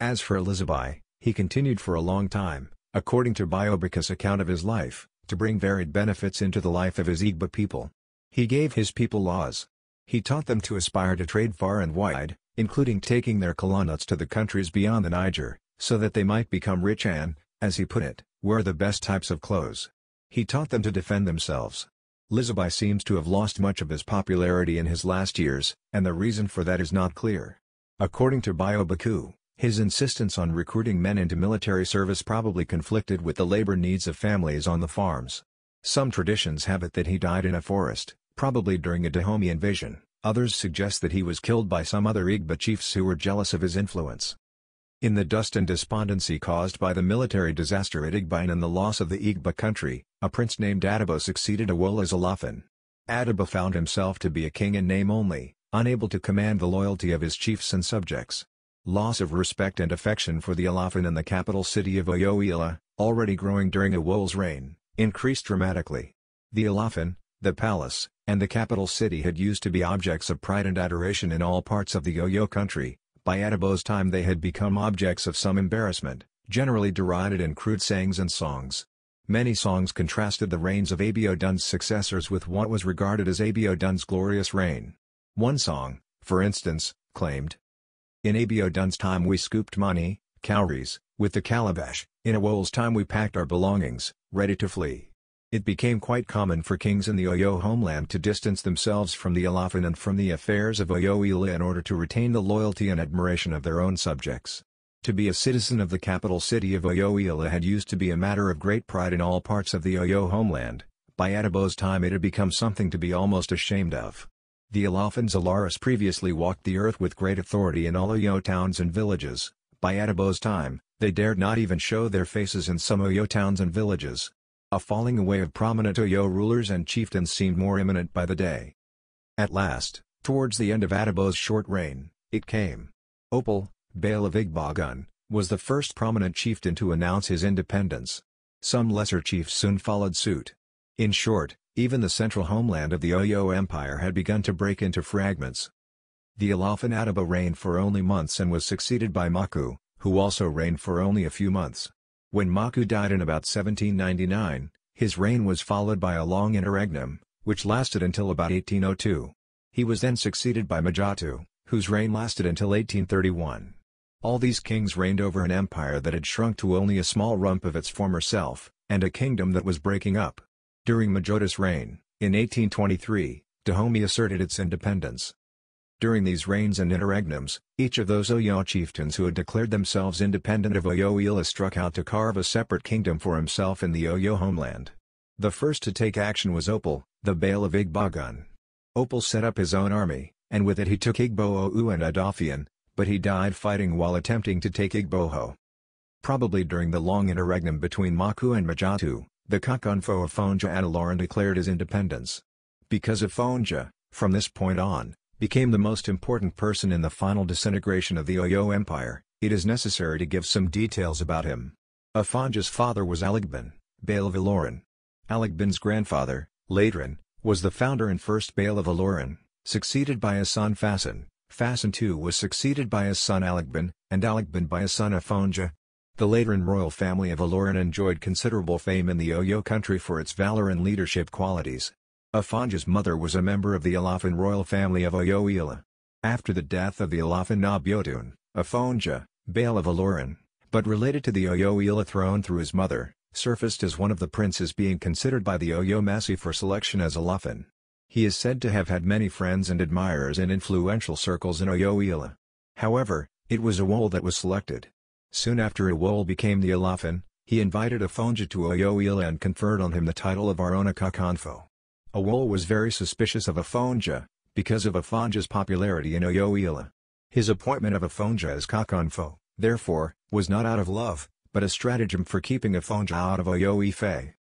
As for Lizabai, he continued for a long time, according to Biobaku's account of his life, to bring varied benefits into the life of his Igbo people. He gave his people laws. He taught them to aspire to trade far and wide, including taking their kalanuts to the countries beyond the Niger, so that they might become rich and, as he put it, wear the best types of clothes. He taught them to defend themselves. Lizabai seems to have lost much of his popularity in his last years, and the reason for that is not clear. According to Biobaku, his insistence on recruiting men into military service probably conflicted with the labor needs of families on the farms. Some traditions have it that he died in a forest, probably during a Dahomey invasion, others suggest that he was killed by some other Igba chiefs who were jealous of his influence. In the dust and despondency caused by the military disaster at Igbain and the loss of the Igba country, a prince named Adabo succeeded Awola Zalafin. Adaba found himself to be a king in name only, unable to command the loyalty of his chiefs and subjects loss of respect and affection for the Alafin in the capital city of Oyoila, already growing during Awol's reign, increased dramatically. The Alafin, the palace, and the capital city had used to be objects of pride and adoration in all parts of the Oyo country, by Adibo's time they had become objects of some embarrassment, generally derided in crude sayings and songs. Many songs contrasted the reigns of Abiodun's successors with what was regarded as Abiodun's glorious reign. One song, for instance, claimed, in Abio Dun's time we scooped money, cowries, with the calabash, in wool's time we packed our belongings, ready to flee. It became quite common for kings in the Oyo homeland to distance themselves from the Alafin and from the affairs of Oyo in order to retain the loyalty and admiration of their own subjects. To be a citizen of the capital city of Oyo had used to be a matter of great pride in all parts of the Oyo homeland, by Adibo's time it had become something to be almost ashamed of. The Elophans Alaris previously walked the earth with great authority in all Oyo towns and villages, by Adibo's time, they dared not even show their faces in some Oyo towns and villages. A falling away of prominent Oyo rulers and chieftains seemed more imminent by the day. At last, towards the end of Adibo's short reign, it came. Opal, Bale of Igbogun, was the first prominent chieftain to announce his independence. Some lesser chiefs soon followed suit. In short, even the central homeland of the Oyo Empire had begun to break into fragments. The Ilafanataba reigned for only months and was succeeded by Maku, who also reigned for only a few months. When Maku died in about 1799, his reign was followed by a long interregnum, which lasted until about 1802. He was then succeeded by Majatu, whose reign lasted until 1831. All these kings reigned over an empire that had shrunk to only a small rump of its former self, and a kingdom that was breaking up. During Majota's reign, in 1823, Dahomey asserted its independence. During these reigns and interregnums, each of those Oyo chieftains who had declared themselves independent of Oyo struck out to carve a separate kingdom for himself in the Oyo homeland. The first to take action was Opal, the Bale of Igbogun. Opal set up his own army, and with it he took Igbo-Ou and Adafian, but he died fighting while attempting to take Igboho. Probably during the long interregnum between Maku and Majatu, the Kakunfo of Fonja Anilaran declared his independence. Because of Fonja, from this point on, became the most important person in the final disintegration of the Oyo Empire, it is necessary to give some details about him. Afonja's father was Aligbin, Bail of Iloran. Aligbin's grandfather, Ladrin, was the founder and first Bail of Iloran, succeeded by his son Fasan. Fasan II was succeeded by his son Aligbin, and Aligbin by his son Afonja, the Lateran royal family of Aloran enjoyed considerable fame in the Oyo country for its valor and leadership qualities. Afanja's mother was a member of the Alafan royal family of Ila. After the death of the Alafan Nabiotun, Afanja, Bale of Aloran, but related to the Ila throne through his mother, surfaced as one of the princes being considered by the Oyo Massey for selection as Alafan. He is said to have had many friends and admirers in influential circles in Ila. However, it was Awol that was selected. Soon after Iwol became the Alafin, he invited Afonja to Oyoila and conferred on him the title of Aronaka Kanfo. Awol was very suspicious of Afonja, because of Afonja's popularity in Oyoila. His appointment of Afonja as Kakanfo, therefore, was not out of love, but a stratagem for keeping Afonja out of Oyoife.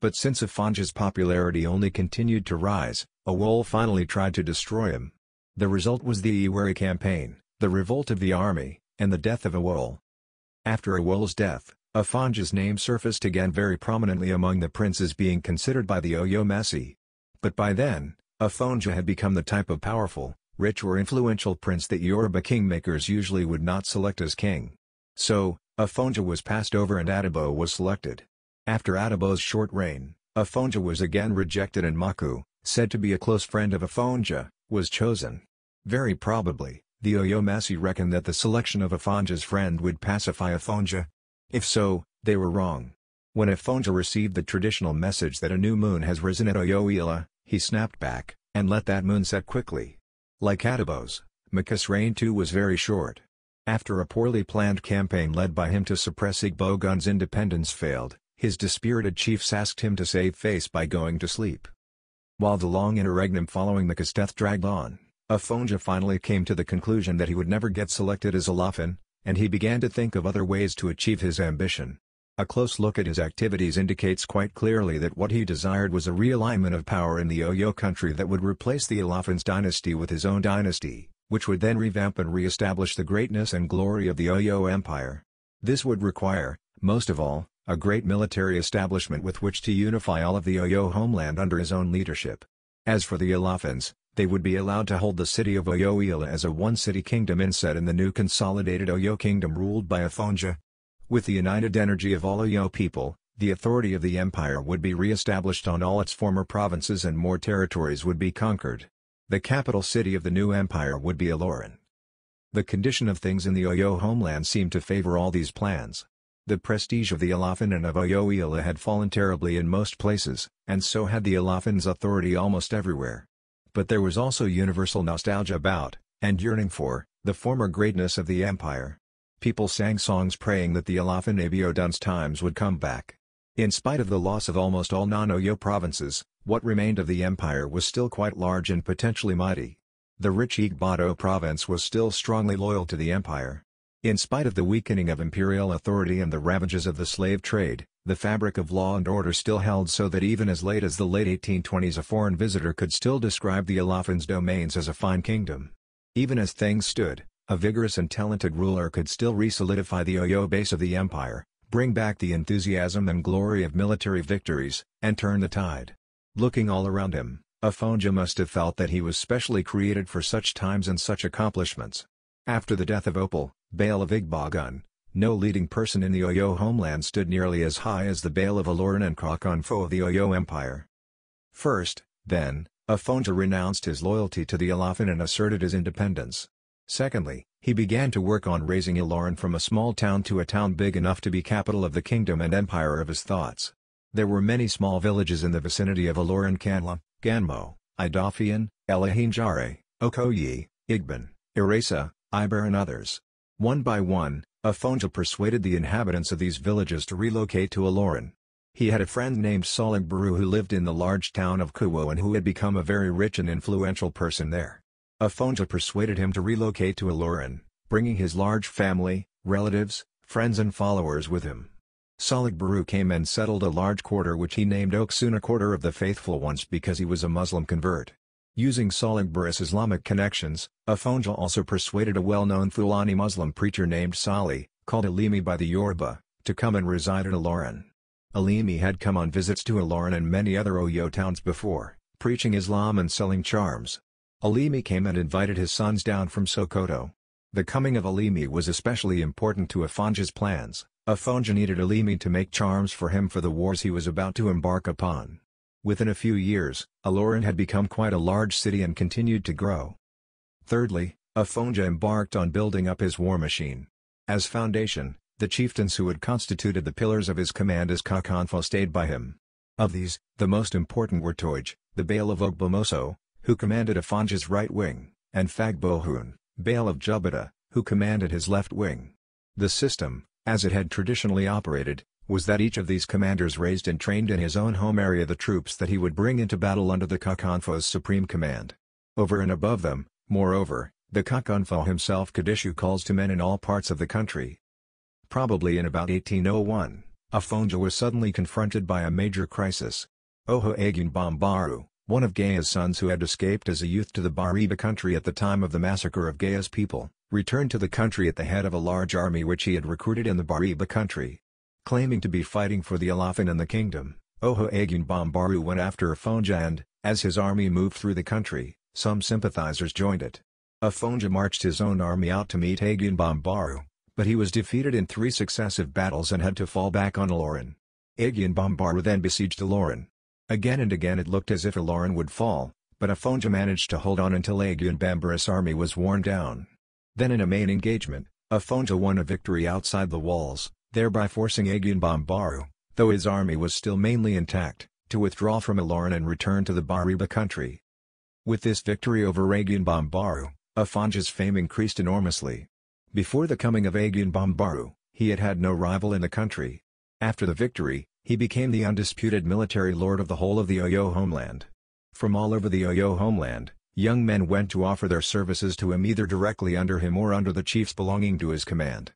But since Afonja's popularity only continued to rise, Awol finally tried to destroy him. The result was the Iweri campaign, the revolt of the army, and the death of Awol. After Awol's death, Afanja's name surfaced again very prominently among the princes being considered by the Oyomasi. But by then, Afonja had become the type of powerful, rich or influential prince that Yoruba kingmakers usually would not select as king. So, Afonja was passed over and Adabo was selected. After Adabo's short reign, Afonja was again rejected and Maku, said to be a close friend of Afonja, was chosen. Very probably, the Oyomasi reckoned that the selection of Afonja's friend would pacify Afonja. If so, they were wrong. When Afonja received the traditional message that a new moon has risen at Oyoila, he snapped back, and let that moon set quickly. Like Adibos, Mika's reign too was very short. After a poorly planned campaign led by him to suppress Igbogun's independence failed, his dispirited chiefs asked him to save face by going to sleep. While the long interregnum following Mika's death dragged on, Afonja finally came to the conclusion that he would never get selected as a Lafin, and he began to think of other ways to achieve his ambition. A close look at his activities indicates quite clearly that what he desired was a realignment of power in the Oyo country that would replace the Ilafin's dynasty with his own dynasty, which would then revamp and re-establish the greatness and glory of the Oyo Empire. This would require, most of all, a great military establishment with which to unify all of the Oyo homeland under his own leadership. As for the Ilafans, they would be allowed to hold the city of Oyoila as a one-city kingdom inset in the new consolidated Oyo kingdom ruled by Afonja. With the united energy of all Oyo people, the authority of the empire would be re-established on all its former provinces and more territories would be conquered. The capital city of the new empire would be Ilorin. The condition of things in the Oyo homeland seemed to favor all these plans. The prestige of the Alafin and of Oyoila had fallen terribly in most places, and so had the Alafin's authority almost everywhere. But there was also universal nostalgia about, and yearning for, the former greatness of the empire. People sang songs praying that the Alafin Abiodun's times would come back. In spite of the loss of almost all non-Oyo provinces, what remained of the empire was still quite large and potentially mighty. The rich Igbado province was still strongly loyal to the empire, in spite of the weakening of imperial authority and the ravages of the slave trade, the fabric of law and order still held so that even as late as the late 1820s a foreign visitor could still describe the Alafans' domains as a fine kingdom. Even as things stood, a vigorous and talented ruler could still re-solidify the Oyo base of the empire, bring back the enthusiasm and glory of military victories, and turn the tide. Looking all around him, Afonja must have felt that he was specially created for such times and such accomplishments. After the death of Opal, Bail of Igbogun, no leading person in the Oyo homeland stood nearly as high as the Bail of Aloran and Krakonfo of the Oyo Empire. First, then, Afonso renounced his loyalty to the Alafin and asserted his independence. Secondly, he began to work on raising Iloran from a small town to a town big enough to be capital of the kingdom and empire of his thoughts. There were many small villages in the vicinity of Iloran Kanla, Ganmo, Idafian, Elahinjare, Okoye, Igban, Erasa, Iber and others. One by one, Afonso persuaded the inhabitants of these villages to relocate to Aloran. He had a friend named Salig Baru who lived in the large town of Kuwo and who had become a very rich and influential person there. Afonso persuaded him to relocate to Aloran, bringing his large family, relatives, friends and followers with him. Salig Baru came and settled a large quarter which he named Oksuna Quarter of the Faithful ones because he was a Muslim convert. Using Salihbur's Islamic connections, Afonja also persuaded a well-known Fulani Muslim preacher named Sali, called Alimi by the Yoruba, to come and reside in Ilorin. Alimi had come on visits to Ilorin and many other Oyo towns before, preaching Islam and selling charms. Alimi came and invited his sons down from Sokoto. The coming of Alimi was especially important to Afonja's plans. Afonja needed Alimi to make charms for him for the wars he was about to embark upon. Within a few years, Aloran had become quite a large city and continued to grow. Thirdly, Afonja embarked on building up his war machine. As foundation, the chieftains who had constituted the pillars of his command as Kakanfo stayed by him. Of these, the most important were Toj, the Bail of Ogbomoso, who commanded Afonja's right wing, and Fagbohun, Bail of Jubata, who commanded his left wing. The system, as it had traditionally operated, was that each of these commanders raised and trained in his own home area the troops that he would bring into battle under the Kakanfo's supreme command. Over and above them, moreover, the Kakanfo himself could issue calls to men in all parts of the country. Probably in about 1801, Afonso was suddenly confronted by a major crisis. Oho Agun Bombaru, one of Gaya's sons who had escaped as a youth to the Bariba country at the time of the massacre of Gaya's people, returned to the country at the head of a large army which he had recruited in the Bariba country claiming to be fighting for the Alafin and the kingdom. Ohoagun Bombaru went after Afonja and, as his army moved through the country, some sympathizers joined it. Afonja marched his own army out to meet Agun Bombaru, but he was defeated in three successive battles and had to fall back on Aloran. Agun Bombaru then besieged Aloran. Again and again it looked as if Aloran would fall, but Afonja managed to hold on until Agun Bambarus' army was worn down. Then in a main engagement, Afonja won a victory outside the walls, thereby forcing Agian Bombaru, though his army was still mainly intact, to withdraw from Ilorin and return to the Bariba country. With this victory over Agian Bombaru, Afanja's fame increased enormously. Before the coming of Agian Bombaru, he had had no rival in the country. After the victory, he became the undisputed military lord of the whole of the Oyo homeland. From all over the Oyo homeland, young men went to offer their services to him either directly under him or under the chiefs belonging to his command.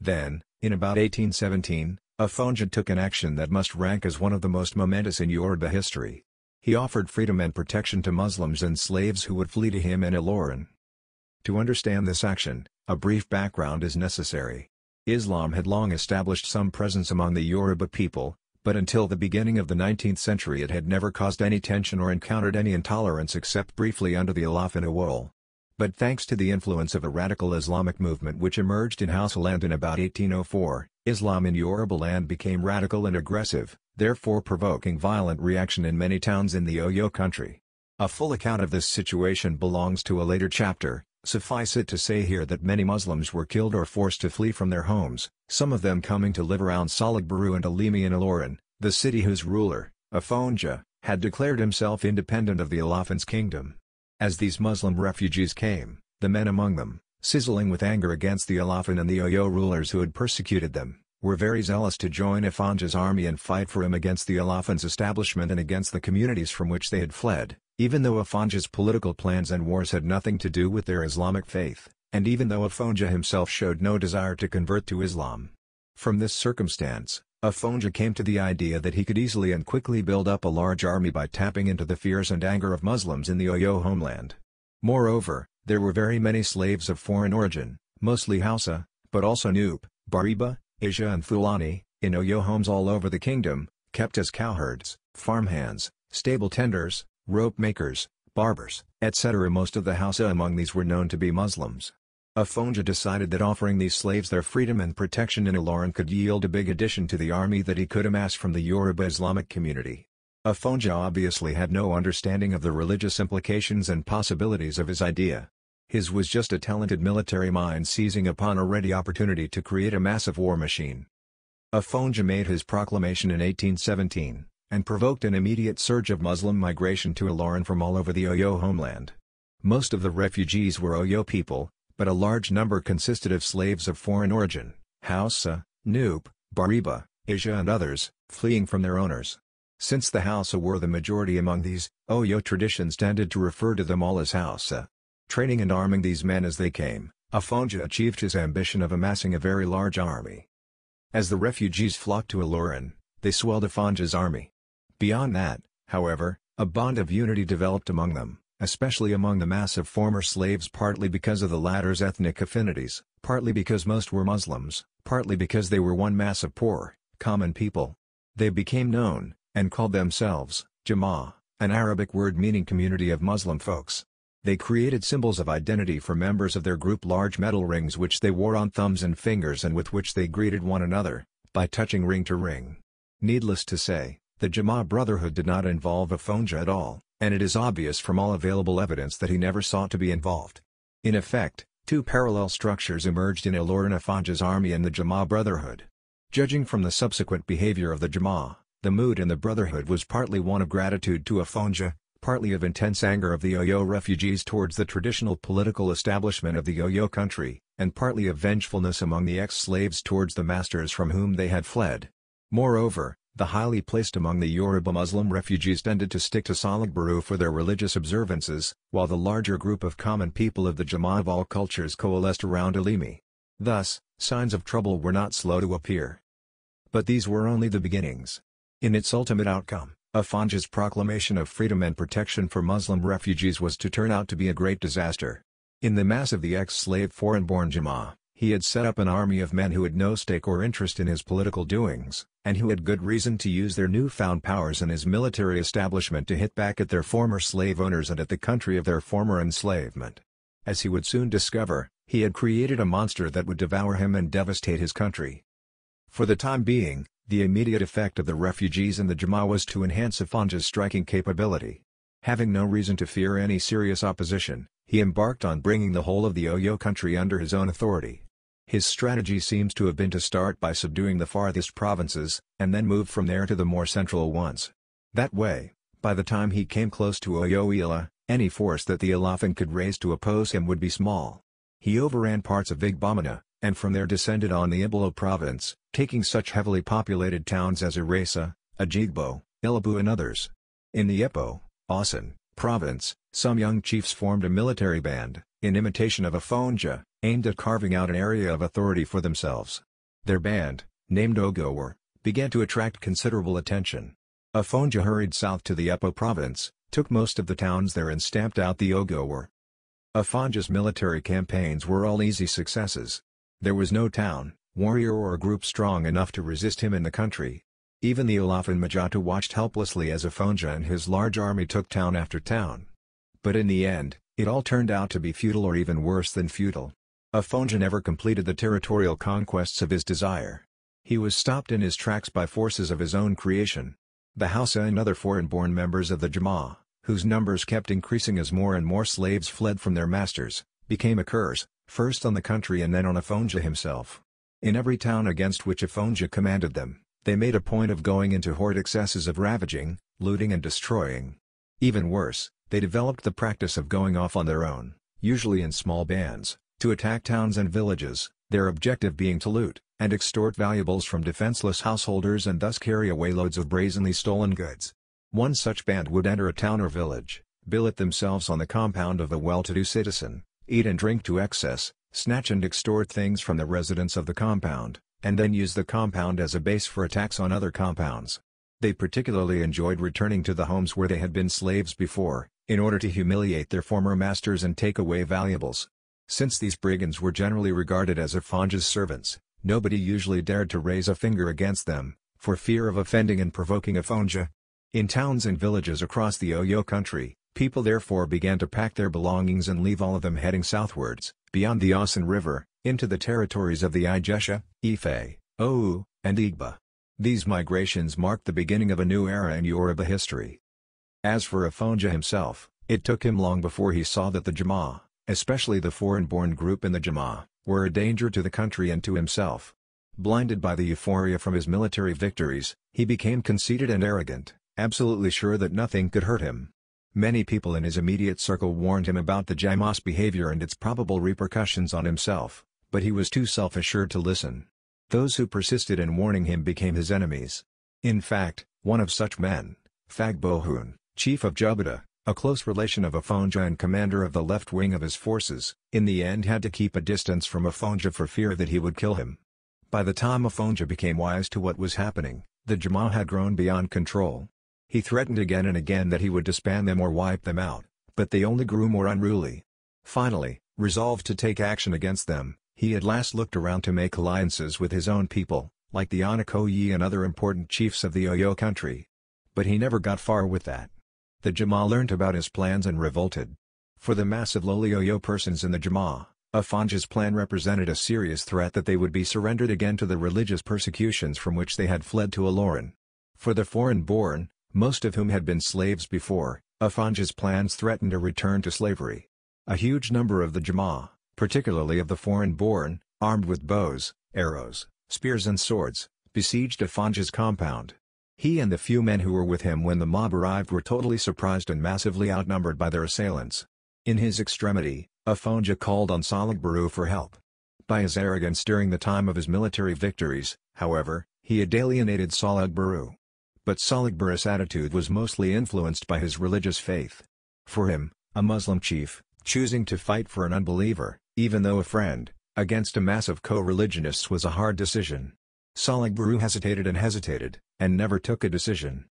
Then, in about 1817, Afonso took an action that must rank as one of the most momentous in Yoruba history. He offered freedom and protection to Muslims and slaves who would flee to him in Ilorin. To understand this action, a brief background is necessary. Islam had long established some presence among the Yoruba people, but until the beginning of the 19th century it had never caused any tension or encountered any intolerance except briefly under the Ilafin Awol but thanks to the influence of a radical Islamic movement which emerged in Hausaland in about 1804, Islam in Yoruba land became radical and aggressive, therefore provoking violent reaction in many towns in the Oyo country. A full account of this situation belongs to a later chapter, suffice it to say here that many Muslims were killed or forced to flee from their homes, some of them coming to live around Salagbaru and Alimi in Ilorin, the city whose ruler, Afonja, had declared himself independent of the Alafans kingdom. As these Muslim refugees came, the men among them, sizzling with anger against the Alafin and the Oyo rulers who had persecuted them, were very zealous to join Afanja's army and fight for him against the Alafin's establishment and against the communities from which they had fled, even though Afanja's political plans and wars had nothing to do with their Islamic faith, and even though Afanja himself showed no desire to convert to Islam. From this circumstance, Afonja came to the idea that he could easily and quickly build up a large army by tapping into the fears and anger of Muslims in the Oyo homeland. Moreover, there were very many slaves of foreign origin, mostly Hausa, but also Noop, Bariba, Asia and Fulani, in Oyo homes all over the kingdom, kept as cowherds, farmhands, stable tenders, rope makers, barbers, etc. Most of the Hausa among these were known to be Muslims. Afonja decided that offering these slaves their freedom and protection in Ilorin could yield a big addition to the army that he could amass from the Yoruba Islamic community. Afonja obviously had no understanding of the religious implications and possibilities of his idea. His was just a talented military mind seizing upon a ready opportunity to create a massive war machine. Afonja made his proclamation in 1817, and provoked an immediate surge of Muslim migration to Ilorin from all over the Oyo homeland. Most of the refugees were Oyo people, but a large number consisted of slaves of foreign origin, Hausa, Noob, Bariba, Asia and others, fleeing from their owners. Since the Hausa were the majority among these, Oyo traditions tended to refer to them all as Hausa. Training and arming these men as they came, Afonja achieved his ambition of amassing a very large army. As the refugees flocked to Aloran, they swelled Afonja's army. Beyond that, however, a bond of unity developed among them especially among the mass of former slaves partly because of the latter's ethnic affinities, partly because most were Muslims, partly because they were one mass of poor, common people. They became known, and called themselves, Jama'ah, an Arabic word meaning community of Muslim folks. They created symbols of identity for members of their group large metal rings which they wore on thumbs and fingers and with which they greeted one another, by touching ring to ring. Needless to say, the Jama'ah Brotherhood did not involve a Afonja at all and it is obvious from all available evidence that he never sought to be involved. In effect, two parallel structures emerged in Ilorin Faja's army and the Jama Brotherhood. Judging from the subsequent behavior of the Jama, the mood in the Brotherhood was partly one of gratitude to Afonja, partly of intense anger of the Oyo refugees towards the traditional political establishment of the Oyo country, and partly of vengefulness among the ex-slaves towards the masters from whom they had fled. Moreover, the highly placed among the Yoruba Muslim refugees tended to stick to Salagbaru for their religious observances, while the larger group of common people of the Jama of all cultures coalesced around Alimi. Thus, signs of trouble were not slow to appear. But these were only the beginnings. In its ultimate outcome, Afanja's proclamation of freedom and protection for Muslim refugees was to turn out to be a great disaster. In the mass of the ex-slave foreign-born Jama, he had set up an army of men who had no stake or interest in his political doings, and who had good reason to use their newfound powers in his military establishment to hit back at their former slave owners and at the country of their former enslavement. As he would soon discover, he had created a monster that would devour him and devastate his country. For the time being, the immediate effect of the refugees in the Jama was to enhance Afanja's striking capability. Having no reason to fear any serious opposition, he embarked on bringing the whole of the Oyo country under his own authority. His strategy seems to have been to start by subduing the farthest provinces, and then move from there to the more central ones. That way, by the time he came close to Oyoila, any force that the Ilafan could raise to oppose him would be small. He overran parts of Igbamina, and from there descended on the Ibolo province, taking such heavily populated towns as Iresa, Ajigbo, Ilabu and others. In the Epo, Asan, province, some young chiefs formed a military band, in imitation of a Afonja, aimed at carving out an area of authority for themselves. Their band, named Ogower, began to attract considerable attention. Afonja hurried south to the Epo province, took most of the towns there and stamped out the Ogower. Afonja's military campaigns were all easy successes. There was no town, warrior or group strong enough to resist him in the country. Even the and Majata watched helplessly as Afonja and his large army took town after town. But in the end, it all turned out to be futile or even worse than futile. Afonja never completed the territorial conquests of his desire. He was stopped in his tracks by forces of his own creation. The Hausa and other foreign-born members of the Jama'a, whose numbers kept increasing as more and more slaves fled from their masters, became a curse, first on the country and then on Afonja himself. In every town against which Afonja commanded them, they made a point of going into horrid excesses of ravaging, looting and destroying. Even worse, they developed the practice of going off on their own, usually in small bands, to attack towns and villages, their objective being to loot, and extort valuables from defenseless householders and thus carry away loads of brazenly stolen goods. One such band would enter a town or village, billet themselves on the compound of a well-to-do citizen, eat and drink to excess, snatch and extort things from the residents of the compound, and then use the compound as a base for attacks on other compounds. They particularly enjoyed returning to the homes where they had been slaves before, in order to humiliate their former masters and take away valuables. Since these brigands were generally regarded as Afonja's servants, nobody usually dared to raise a finger against them, for fear of offending and provoking Afonja. In towns and villages across the Oyo country, people therefore began to pack their belongings and leave all of them heading southwards, beyond the Asan River, into the territories of the Ijesha, Ife, Ou, and Igba. These migrations marked the beginning of a new era in Yoruba history. As for Afonja himself, it took him long before he saw that the Jama'a, especially the foreign-born group in the Jama'a, were a danger to the country and to himself. Blinded by the euphoria from his military victories, he became conceited and arrogant, absolutely sure that nothing could hurt him. Many people in his immediate circle warned him about the Jama's behavior and its probable repercussions on himself, but he was too self-assured to listen. Those who persisted in warning him became his enemies. In fact, one of such men, Fag Bohun, chief of Jubata, a close relation of Afonja and commander of the left wing of his forces, in the end had to keep a distance from Afonja for fear that he would kill him. By the time Afonja became wise to what was happening, the Jama had grown beyond control. He threatened again and again that he would disband them or wipe them out, but they only grew more unruly. Finally, resolved to take action against them, he at last looked around to make alliances with his own people, like the Anakoye and other important chiefs of the Oyo country. But he never got far with that. The Jama learnt about his plans and revolted. For the mass of Loliyo persons in the Jama, Afanja's plan represented a serious threat that they would be surrendered again to the religious persecutions from which they had fled to Aloran. For the foreign-born, most of whom had been slaves before, Afanja's plans threatened a return to slavery. A huge number of the Jama, particularly of the foreign-born, armed with bows, arrows, spears and swords, besieged Afanja's compound. He and the few men who were with him when the mob arrived were totally surprised and massively outnumbered by their assailants. In his extremity, Afonja called on Salig Baru for help. By his arrogance during the time of his military victories, however, he had alienated Salig Baru. But Salig Baru's attitude was mostly influenced by his religious faith. For him, a Muslim chief, choosing to fight for an unbeliever, even though a friend, against a mass of co-religionists was a hard decision. Salagburu hesitated and hesitated, and never took a decision.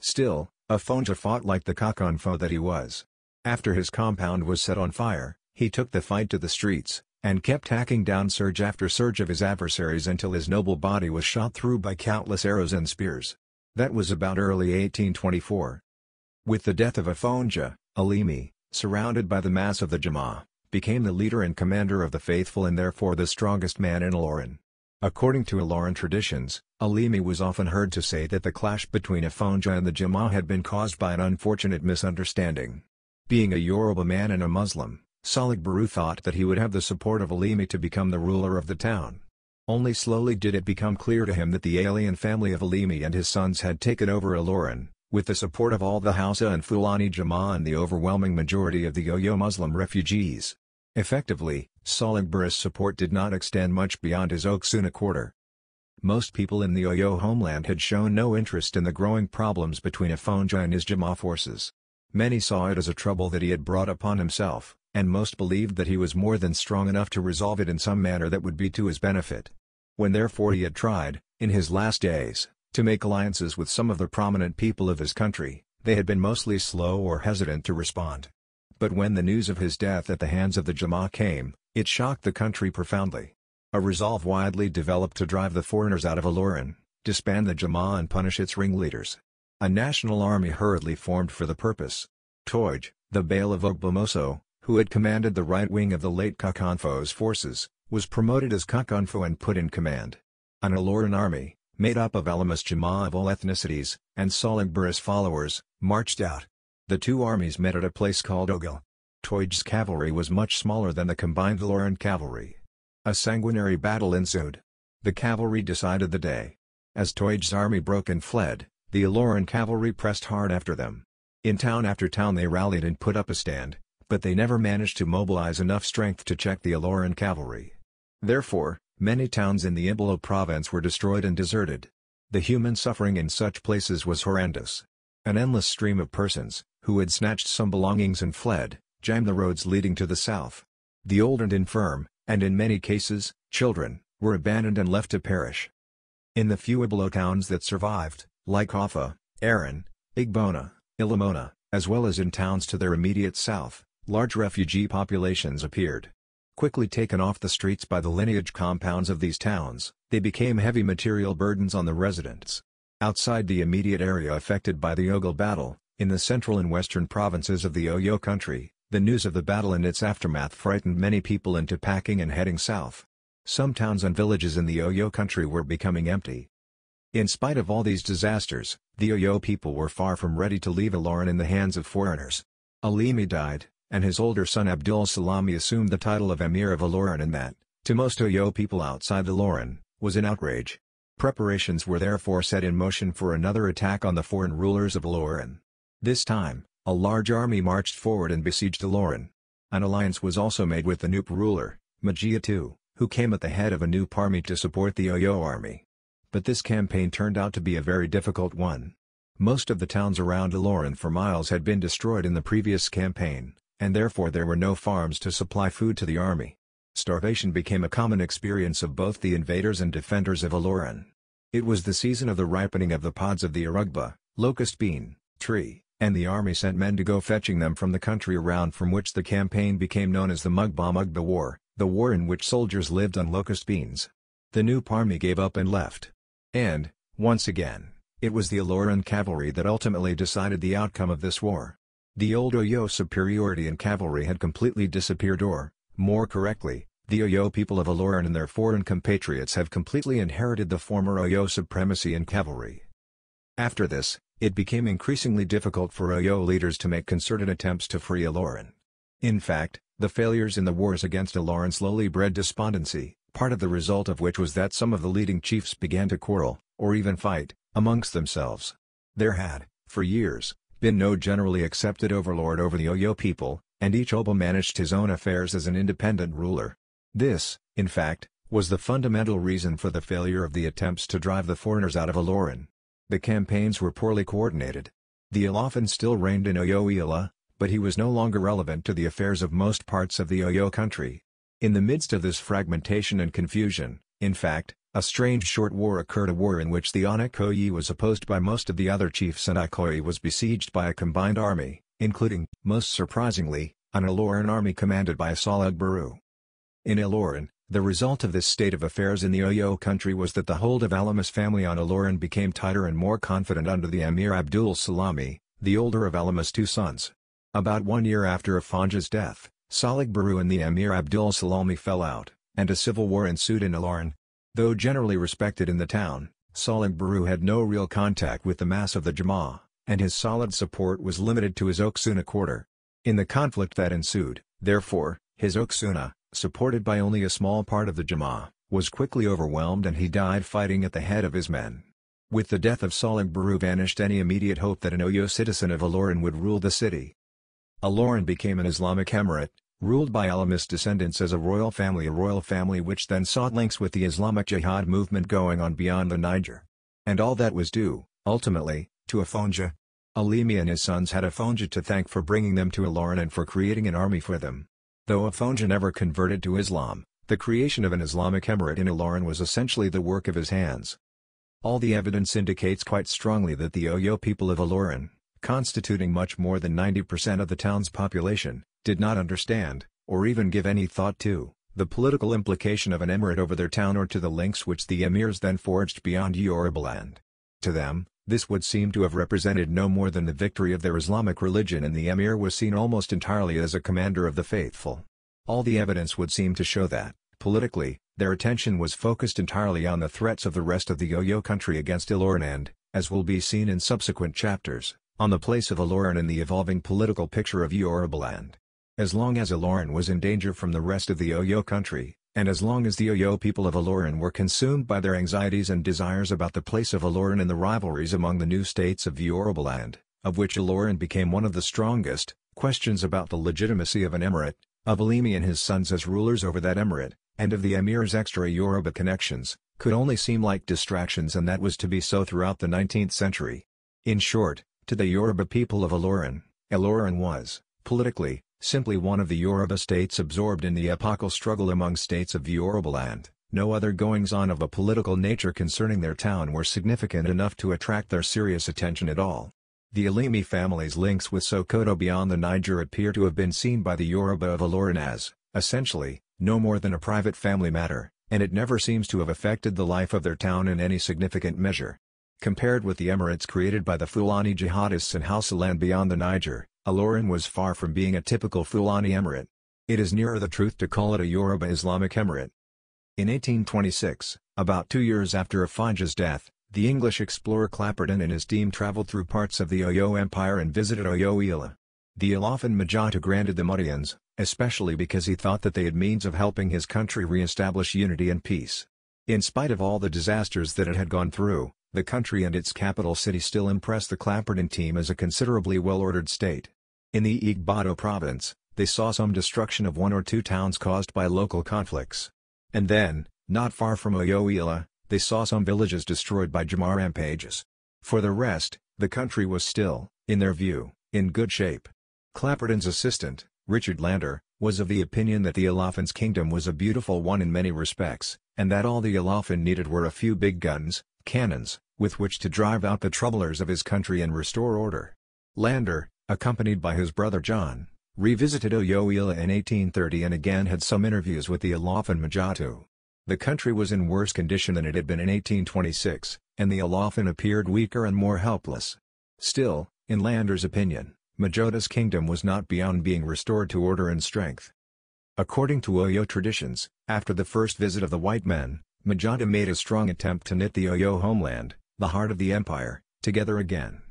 Still, Afonja fought like the foe that he was. After his compound was set on fire, he took the fight to the streets, and kept hacking down surge after surge of his adversaries until his noble body was shot through by countless arrows and spears. That was about early 1824. With the death of Afonja, Alimi, surrounded by the mass of the Jama, became the leader and commander of the faithful and therefore the strongest man in Lorin. According to Aloran traditions, Alimi was often heard to say that the clash between Afonja and the Jama had been caused by an unfortunate misunderstanding. Being a Yoruba man and a Muslim, Salik Baru thought that he would have the support of Alimi to become the ruler of the town. Only slowly did it become clear to him that the alien family of Alimi and his sons had taken over Aloran, with the support of all the Hausa and Fulani Jama and the overwhelming majority of the Oyo Muslim refugees. Effectively, Sollenberus' support did not extend much beyond his Oksuna quarter. Most people in the Oyo homeland had shown no interest in the growing problems between Afonja and his Jama forces. Many saw it as a trouble that he had brought upon himself, and most believed that he was more than strong enough to resolve it in some manner that would be to his benefit. When therefore he had tried, in his last days, to make alliances with some of the prominent people of his country, they had been mostly slow or hesitant to respond. But when the news of his death at the hands of the Jama came, it shocked the country profoundly. A resolve widely developed to drive the foreigners out of Aloran, disband the Jama and punish its ringleaders. A national army hurriedly formed for the purpose. Toj, the Bail of Ogbomoso, who had commanded the right wing of the late Kakanfo's forces, was promoted as Kakanfo and put in command. An Aloran army, made up of Alamas Jama of all ethnicities, and Saling followers, marched out. The two armies met at a place called Ogil. Toij's cavalry was much smaller than the combined Lauren cavalry. A sanguinary battle ensued. The cavalry decided the day. As Toij's army broke and fled, the Aloran cavalry pressed hard after them. In town after town they rallied and put up a stand, but they never managed to mobilize enough strength to check the Aloran cavalry. Therefore, many towns in the Imbolo province were destroyed and deserted. The human suffering in such places was horrendous. An endless stream of persons, who had snatched some belongings and fled, jam the roads leading to the south. The old and infirm, and in many cases, children, were abandoned and left to perish. In the few Iblo towns that survived, like Offa, Erin, Igbona, Ilimona, as well as in towns to their immediate south, large refugee populations appeared. Quickly taken off the streets by the lineage compounds of these towns, they became heavy material burdens on the residents. Outside the immediate area affected by the Oghal battle, in the central and western provinces of the Oyo country, the news of the battle and its aftermath frightened many people into packing and heading south. Some towns and villages in the Oyo country were becoming empty. In spite of all these disasters, the Oyo people were far from ready to leave Aloran in the hands of foreigners. Alimi died, and his older son Abdul Salami assumed the title of Emir of Aloran and that, to most Oyo people outside Ilorin, was an outrage. Preparations were therefore set in motion for another attack on the foreign rulers of Aloran. This time, a large army marched forward and besieged Alorin. An alliance was also made with the Nup ruler, Magia II, who came at the head of a new army to support the Oyo army. But this campaign turned out to be a very difficult one. Most of the towns around Alorin for miles had been destroyed in the previous campaign, and therefore there were no farms to supply food to the army. Starvation became a common experience of both the invaders and defenders of Alorin. It was the season of the ripening of the pods of the arugba, locust bean, tree, and the army sent men to go fetching them from the country around from which the campaign became known as the Mugba Mugba War, the war in which soldiers lived on locust beans. The new army gave up and left. And, once again, it was the Aloran cavalry that ultimately decided the outcome of this war. The old Oyo superiority in cavalry had completely disappeared or, more correctly, the Oyo people of Aloran and their foreign compatriots have completely inherited the former Oyo supremacy in cavalry. After this, it became increasingly difficult for OYO leaders to make concerted attempts to free Aloran. In fact, the failures in the wars against Aloran slowly bred despondency, part of the result of which was that some of the leading chiefs began to quarrel, or even fight, amongst themselves. There had, for years, been no generally accepted overlord over the Oyo people, and each Oba managed his own affairs as an independent ruler. This, in fact, was the fundamental reason for the failure of the attempts to drive the foreigners out of Aloran. The campaigns were poorly coordinated. The Ilafan still reigned in Oyo-Ila, but he was no longer relevant to the affairs of most parts of the Oyo country. In the midst of this fragmentation and confusion, in fact, a strange short war occurred a war in which the Anekoyi was opposed by most of the other chiefs and Ikoyi was besieged by a combined army, including, most surprisingly, an Iloran army commanded by Salug In Iloran, the result of this state of affairs in the Oyo country was that the hold of Alamas family on Aloran became tighter and more confident under the Emir Abdul Salami, the older of Alamas' two sons. About one year after Afanja's death, Salik Baru and the Emir Abdul Salami fell out, and a civil war ensued in Aloran. Though generally respected in the town, Salik Baru had no real contact with the mass of the Jama'a, and his solid support was limited to his Oksuna quarter. In the conflict that ensued, therefore, his Oksuna, supported by only a small part of the Jama, was quickly overwhelmed and he died fighting at the head of his men. With the death of Salim Baru vanished any immediate hope that an Oyo citizen of Aloran would rule the city. Aloran became an Islamic emirate, ruled by Alamist descendants as a royal family a royal family which then sought links with the Islamic Jihad movement going on beyond the Niger. And all that was due, ultimately, to Afonja. Alimi and his sons had Afonja to thank for bringing them to Aloran and for creating an army for them. Though Afonja never converted to Islam, the creation of an Islamic emirate in Ilorin was essentially the work of his hands. All the evidence indicates quite strongly that the Oyo people of Ilorin, constituting much more than 90% of the town's population, did not understand, or even give any thought to, the political implication of an emirate over their town or to the links which the emirs then forged beyond Yorubaland. To them, this would seem to have represented no more than the victory of their Islamic religion and the emir was seen almost entirely as a commander of the faithful. All the evidence would seem to show that, politically, their attention was focused entirely on the threats of the rest of the Oyo country against Ilorin, and, as will be seen in subsequent chapters, on the place of Ilorin in the evolving political picture of Yorubaland. As long as Ilorin was in danger from the rest of the Oyo country, and as long as the Oyo people of Aloran were consumed by their anxieties and desires about the place of Aloran in the rivalries among the new states of Yorubaland, of which Aloran became one of the strongest, questions about the legitimacy of an emirate, of Alimi and his sons as rulers over that emirate, and of the emir's extra Yoruba connections, could only seem like distractions and that was to be so throughout the 19th century. In short, to the Yoruba people of Aloran, Aloran was, politically, Simply one of the Yoruba states absorbed in the epochal struggle among states of the Yorubaland, no other goings-on of a political nature concerning their town were significant enough to attract their serious attention at all. The Alimi family's links with Sokoto beyond the Niger appear to have been seen by the Yoruba of Ilorin as, essentially, no more than a private family matter, and it never seems to have affected the life of their town in any significant measure. Compared with the emirates created by the Fulani jihadists in Hausaland beyond the Niger, Aloran was far from being a typical Fulani emirate. It is nearer the truth to call it a Yoruba Islamic emirate. In 1826, about two years after Afanja's death, the English explorer Clapperton and his team traveled through parts of the Oyo Empire and visited Oyo Ila. The Ilafan Majata granted the Mudians, especially because he thought that they had means of helping his country re-establish unity and peace. In spite of all the disasters that it had gone through, the country and its capital city still impressed the Clapperton team as a considerably well-ordered state. In the Igboto province, they saw some destruction of one or two towns caused by local conflicts. And then, not far from Oyoila, they saw some villages destroyed by Jamar rampages. For the rest, the country was still, in their view, in good shape. Clapperton's assistant, Richard Lander, was of the opinion that the Alafans' kingdom was a beautiful one in many respects, and that all the Alafan needed were a few big guns, cannons, with which to drive out the troublers of his country and restore order. Lander, accompanied by his brother John, revisited Oyoila in 1830 and again had some interviews with the Alafan Majatu. The country was in worse condition than it had been in 1826, and the Alafan appeared weaker and more helpless. Still, in Lander's opinion, Majota's kingdom was not beyond being restored to order and strength. According to Oyo traditions, after the first visit of the white men, Majota made a strong attempt to knit the Oyo homeland, the heart of the empire, together again.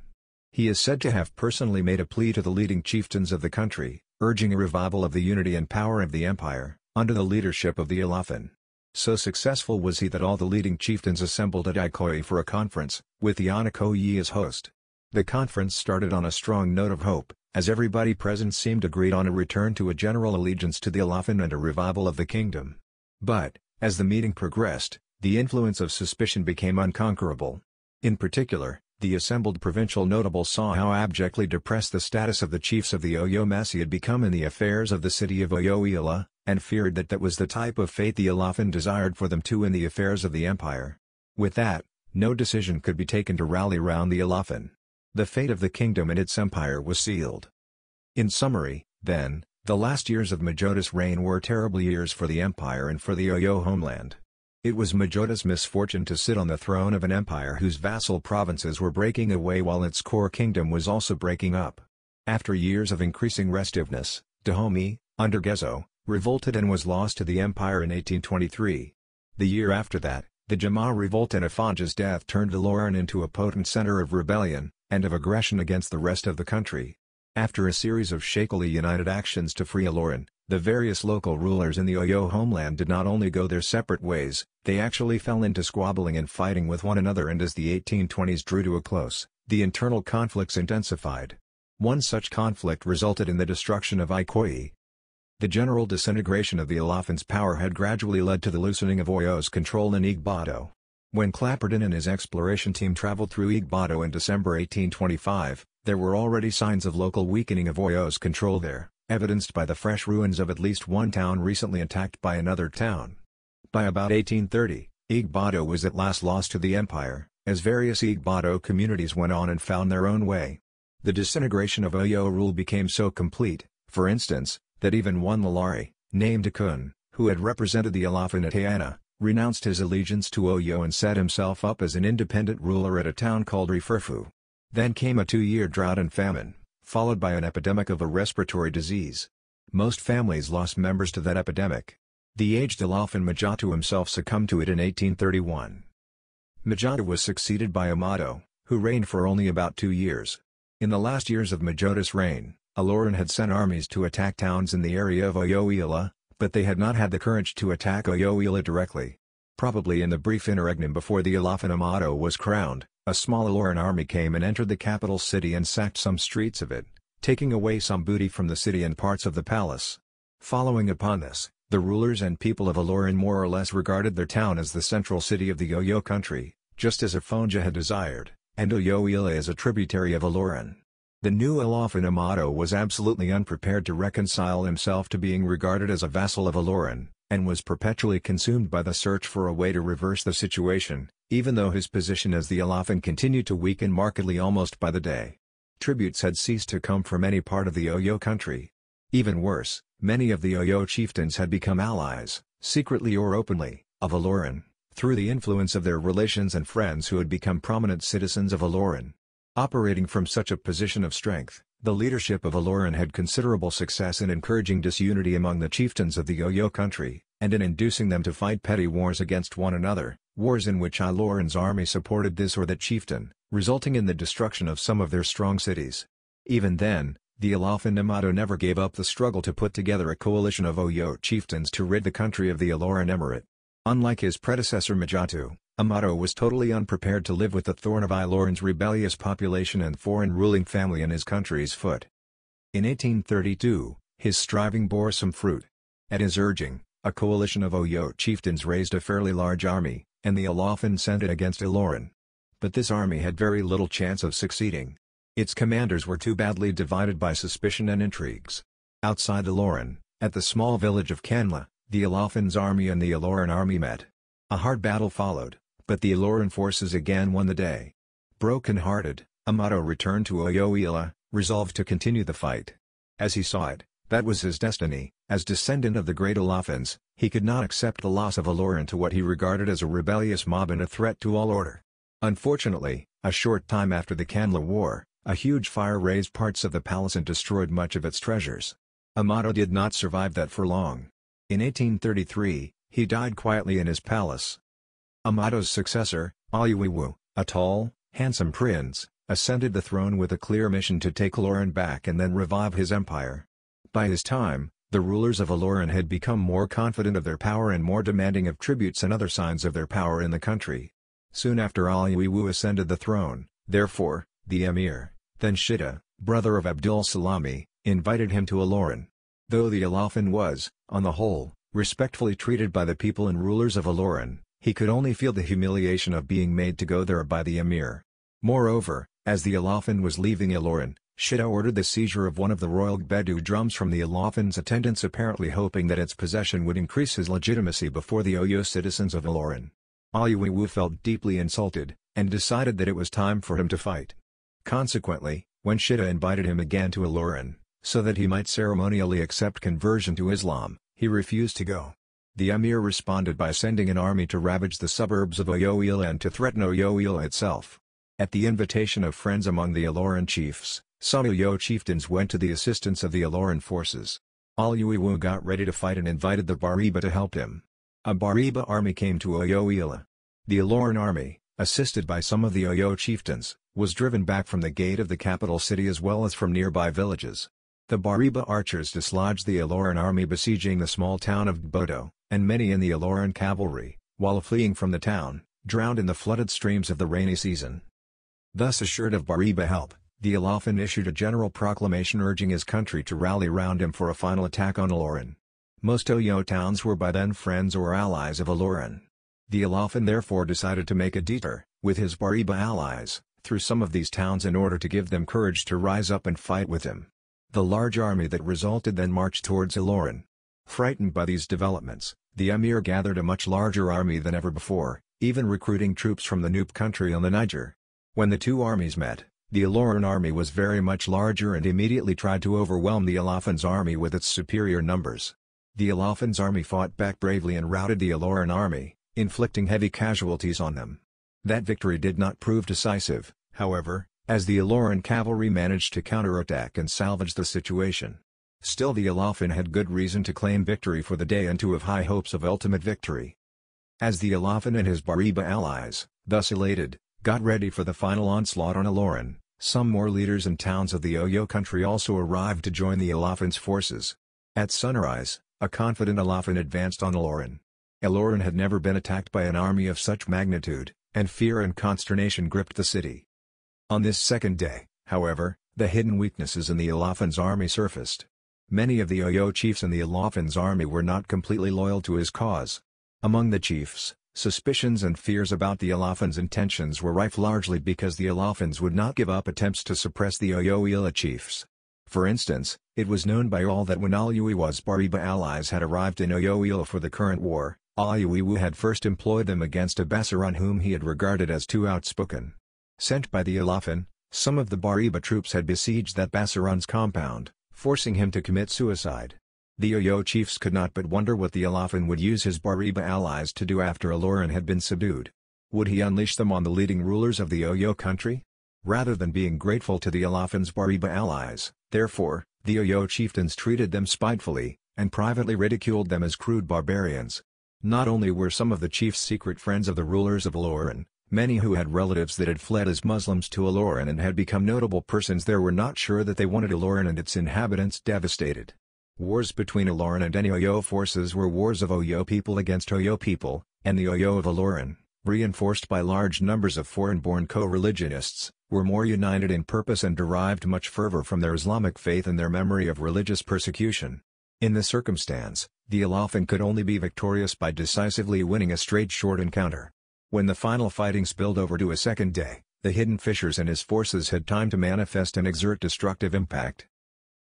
He is said to have personally made a plea to the leading chieftains of the country, urging a revival of the unity and power of the empire, under the leadership of the Ilafan. So successful was he that all the leading chieftains assembled at Ikoyi for a conference, with the Anakoyi as host. The conference started on a strong note of hope, as everybody present seemed agreed on a return to a general allegiance to the Ilafan and a revival of the kingdom. But, as the meeting progressed, the influence of suspicion became unconquerable. In particular, the assembled provincial notables saw how abjectly depressed the status of the chiefs of the Oyo had become in the affairs of the city of Oyoila, and feared that that was the type of fate the Alafin desired for them too in the affairs of the empire. With that, no decision could be taken to rally round the Alafin. The fate of the kingdom and its empire was sealed. In summary, then, the last years of Majota's reign were terrible years for the empire and for the Oyo homeland. It was Majota's misfortune to sit on the throne of an empire whose vassal provinces were breaking away while its core kingdom was also breaking up. After years of increasing restiveness, Dahomey, under Gezo, revolted and was lost to the empire in 1823. The year after that, the Jama revolt and Afanja's death turned Alorin into a potent center of rebellion, and of aggression against the rest of the country. After a series of shakily united actions to free Alorin. The various local rulers in the Oyo homeland did not only go their separate ways, they actually fell into squabbling and fighting with one another and as the 1820s drew to a close, the internal conflicts intensified. One such conflict resulted in the destruction of Ikoyi. The general disintegration of the Alafans' power had gradually led to the loosening of Oyo's control in Igbado. When Clapperton and his exploration team traveled through Igbado in December 1825, there were already signs of local weakening of Oyo's control there evidenced by the fresh ruins of at least one town recently attacked by another town. By about 1830, Igboto was at last lost to the empire, as various Igboto communities went on and found their own way. The disintegration of Oyo rule became so complete, for instance, that even one Lalari, named Akun, who had represented the Alafin at Hayana, renounced his allegiance to Oyo and set himself up as an independent ruler at a town called Rifurfu. Then came a two-year drought and famine followed by an epidemic of a respiratory disease. Most families lost members to that epidemic. The aged Alafin Majatu himself succumbed to it in 1831. Majata was succeeded by Amato, who reigned for only about two years. In the last years of Majatu's reign, Aloran had sent armies to attack towns in the area of Oyoila, but they had not had the courage to attack Oyoila directly. Probably in the brief interregnum before the Alafin Amato was crowned, a small Aloran army came and entered the capital city and sacked some streets of it, taking away some booty from the city and parts of the palace. Following upon this, the rulers and people of Aloran more or less regarded their town as the central city of the Oyo country, just as Afonja had desired, and Ila as a tributary of Aloran. The new Alafin Amato was absolutely unprepared to reconcile himself to being regarded as a vassal of Aloran, and was perpetually consumed by the search for a way to reverse the situation, even though his position as the Alafin continued to weaken markedly almost by the day. Tributes had ceased to come from any part of the Oyo country. Even worse, many of the Oyo chieftains had become allies, secretly or openly, of Aloran, through the influence of their relations and friends who had become prominent citizens of Aloran. Operating from such a position of strength, the leadership of Aloran had considerable success in encouraging disunity among the chieftains of the Oyo country, and in inducing them to fight petty wars against one another, wars in which Iloran's army supported this or that chieftain, resulting in the destruction of some of their strong cities. Even then, the Alafan Namato never gave up the struggle to put together a coalition of Oyo chieftains to rid the country of the Iloran Emirate. Unlike his predecessor Majatu, Amato was totally unprepared to live with the thorn of Ilorin's rebellious population and foreign ruling family in his country's foot. In 1832, his striving bore some fruit. At his urging, a coalition of Oyo chieftains raised a fairly large army, and the Alafin sent it against Ilorin. But this army had very little chance of succeeding. Its commanders were too badly divided by suspicion and intrigues. Outside Ilorin, at the small village of Kanla, the Alafin's army and the Ilorin army met. A hard battle followed, but the Aloran forces again won the day. Broken-hearted, Amato returned to Oyoila, resolved to continue the fight. As he saw it, that was his destiny, as descendant of the great Alafans, he could not accept the loss of Aloran to what he regarded as a rebellious mob and a threat to all order. Unfortunately, a short time after the Kanla War, a huge fire raised parts of the palace and destroyed much of its treasures. Amato did not survive that for long. In 1833, he died quietly in his palace. Amato's successor, Ayuiwu, a tall, handsome prince, ascended the throne with a clear mission to take Aloran back and then revive his empire. By his time, the rulers of Aloran had become more confident of their power and more demanding of tributes and other signs of their power in the country. Soon after Aliwiwu ascended the throne, therefore, the emir, then Shida, brother of Abdul Salami, invited him to Aloran. Though the Alafin was, on the whole, respectfully treated by the people and rulers of Aloran, he could only feel the humiliation of being made to go there by the emir. Moreover, as the Alafin was leaving Ilorin, Shida ordered the seizure of one of the royal Bedou drums from the Alafin's attendants apparently hoping that its possession would increase his legitimacy before the Oyo citizens of Ilorin. Ayuiwu felt deeply insulted, and decided that it was time for him to fight. Consequently, when Shida invited him again to Ilorin, so that he might ceremonially accept conversion to Islam, he refused to go. The emir responded by sending an army to ravage the suburbs of Oyoil and to threaten Oyoil itself. At the invitation of friends among the Aloran chiefs, some Oyo chieftains went to the assistance of the Aloran forces. Al got ready to fight and invited the Bariba to help him. A Bariba army came to Oyoila. The Aloran army, assisted by some of the Oyo chieftains, was driven back from the gate of the capital city as well as from nearby villages. The Bariba archers dislodged the Aloran army besieging the small town of Gbodo, and many in the Aloran cavalry, while fleeing from the town, drowned in the flooded streams of the rainy season. Thus assured of Bariba help, the Ilafan issued a general proclamation urging his country to rally round him for a final attack on Aloran. Most Oyo towns were by then friends or allies of Aloran. The Ilafan therefore decided to make a detour, with his Bariba allies, through some of these towns in order to give them courage to rise up and fight with him. The large army that resulted then marched towards Ilorin. Frightened by these developments, the emir gathered a much larger army than ever before, even recruiting troops from the Noop country on the Niger. When the two armies met, the Iloran army was very much larger and immediately tried to overwhelm the Alafan's army with its superior numbers. The Alafan's army fought back bravely and routed the Iloran army, inflicting heavy casualties on them. That victory did not prove decisive, however, as the Aloran cavalry managed to counterattack and salvage the situation. Still the Alafin had good reason to claim victory for the day and to have high hopes of ultimate victory. As the Alafin and his Bariba allies, thus elated, got ready for the final onslaught on Aloran, some more leaders and towns of the Oyo country also arrived to join the Alafin's forces. At sunrise, a confident Alafin advanced on Aloran. Aloran had never been attacked by an army of such magnitude, and fear and consternation gripped the city. On this second day, however, the hidden weaknesses in the Ilafan's army surfaced. Many of the Oyo chiefs in the Ilafan's army were not completely loyal to his cause. Among the chiefs, suspicions and fears about the Ilafan's intentions were rife largely because the Ilafans would not give up attempts to suppress the Oyo Ila chiefs. For instance, it was known by all that when Aluiwa's Bariba allies had arrived in Oyoila for the current war, Aluiwu had first employed them against a Bassaran whom he had regarded as too outspoken. Sent by the Ilafan, some of the Bariba troops had besieged that Basaran's compound, forcing him to commit suicide. The Oyo chiefs could not but wonder what the Ilafan would use his Bariba allies to do after Aloran had been subdued. Would he unleash them on the leading rulers of the Oyo country? Rather than being grateful to the Ilafan's Bariba allies, therefore, the Oyo chieftains treated them spitefully, and privately ridiculed them as crude barbarians. Not only were some of the chiefs secret friends of the rulers of Aloran, Many who had relatives that had fled as Muslims to Aloran and had become notable persons there were not sure that they wanted Aloran and its inhabitants devastated. Wars between Aloran and any Oyo forces were wars of Oyo people against Oyo people, and the Oyo of Aloran, reinforced by large numbers of foreign-born co-religionists, were more united in purpose and derived much fervor from their Islamic faith and their memory of religious persecution. In this circumstance, the Alafan could only be victorious by decisively winning a straight short encounter. When the final fighting spilled over to a second day, the hidden fishers and his forces had time to manifest and exert destructive impact.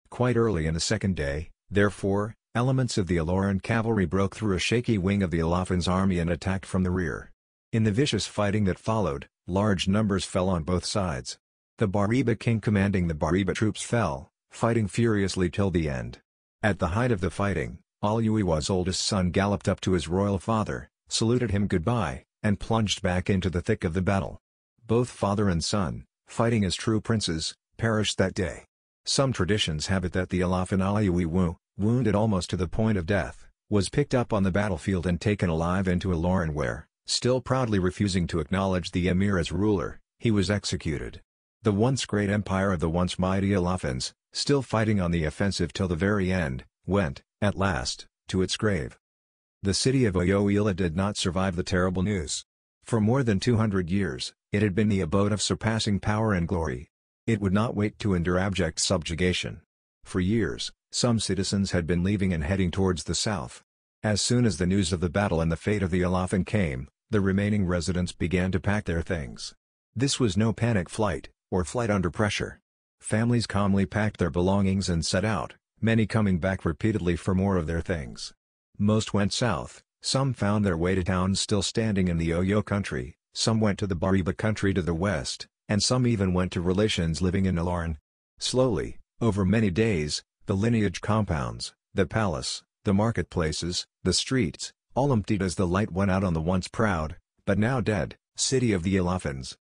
Quite early in the second day, therefore, elements of the Aloran cavalry broke through a shaky wing of the Alafin's army and attacked from the rear. In the vicious fighting that followed, large numbers fell on both sides. The Bariba king commanding the Bariba troops fell, fighting furiously till the end. At the height of the fighting, Aluiwa's oldest son galloped up to his royal father, saluted him goodbye, and plunged back into the thick of the battle. Both father and son, fighting as true princes, perished that day. Some traditions have it that the Wu, wounded almost to the point of death, was picked up on the battlefield and taken alive into Ilorin where, still proudly refusing to acknowledge the emir as ruler, he was executed. The once great empire of the once mighty Alafins, still fighting on the offensive till the very end, went, at last, to its grave. The city of Oyoila did not survive the terrible news. For more than 200 years, it had been the abode of surpassing power and glory. It would not wait to endure abject subjugation. For years, some citizens had been leaving and heading towards the south. As soon as the news of the battle and the fate of the Alafan came, the remaining residents began to pack their things. This was no panic flight, or flight under pressure. Families calmly packed their belongings and set out, many coming back repeatedly for more of their things. Most went south, some found their way to towns still standing in the Oyo country, some went to the Bariba country to the west, and some even went to relations living in Ilorin. Slowly, over many days, the lineage compounds, the palace, the marketplaces, the streets, all emptied as the light went out on the once proud, but now dead, city of the Ilafans.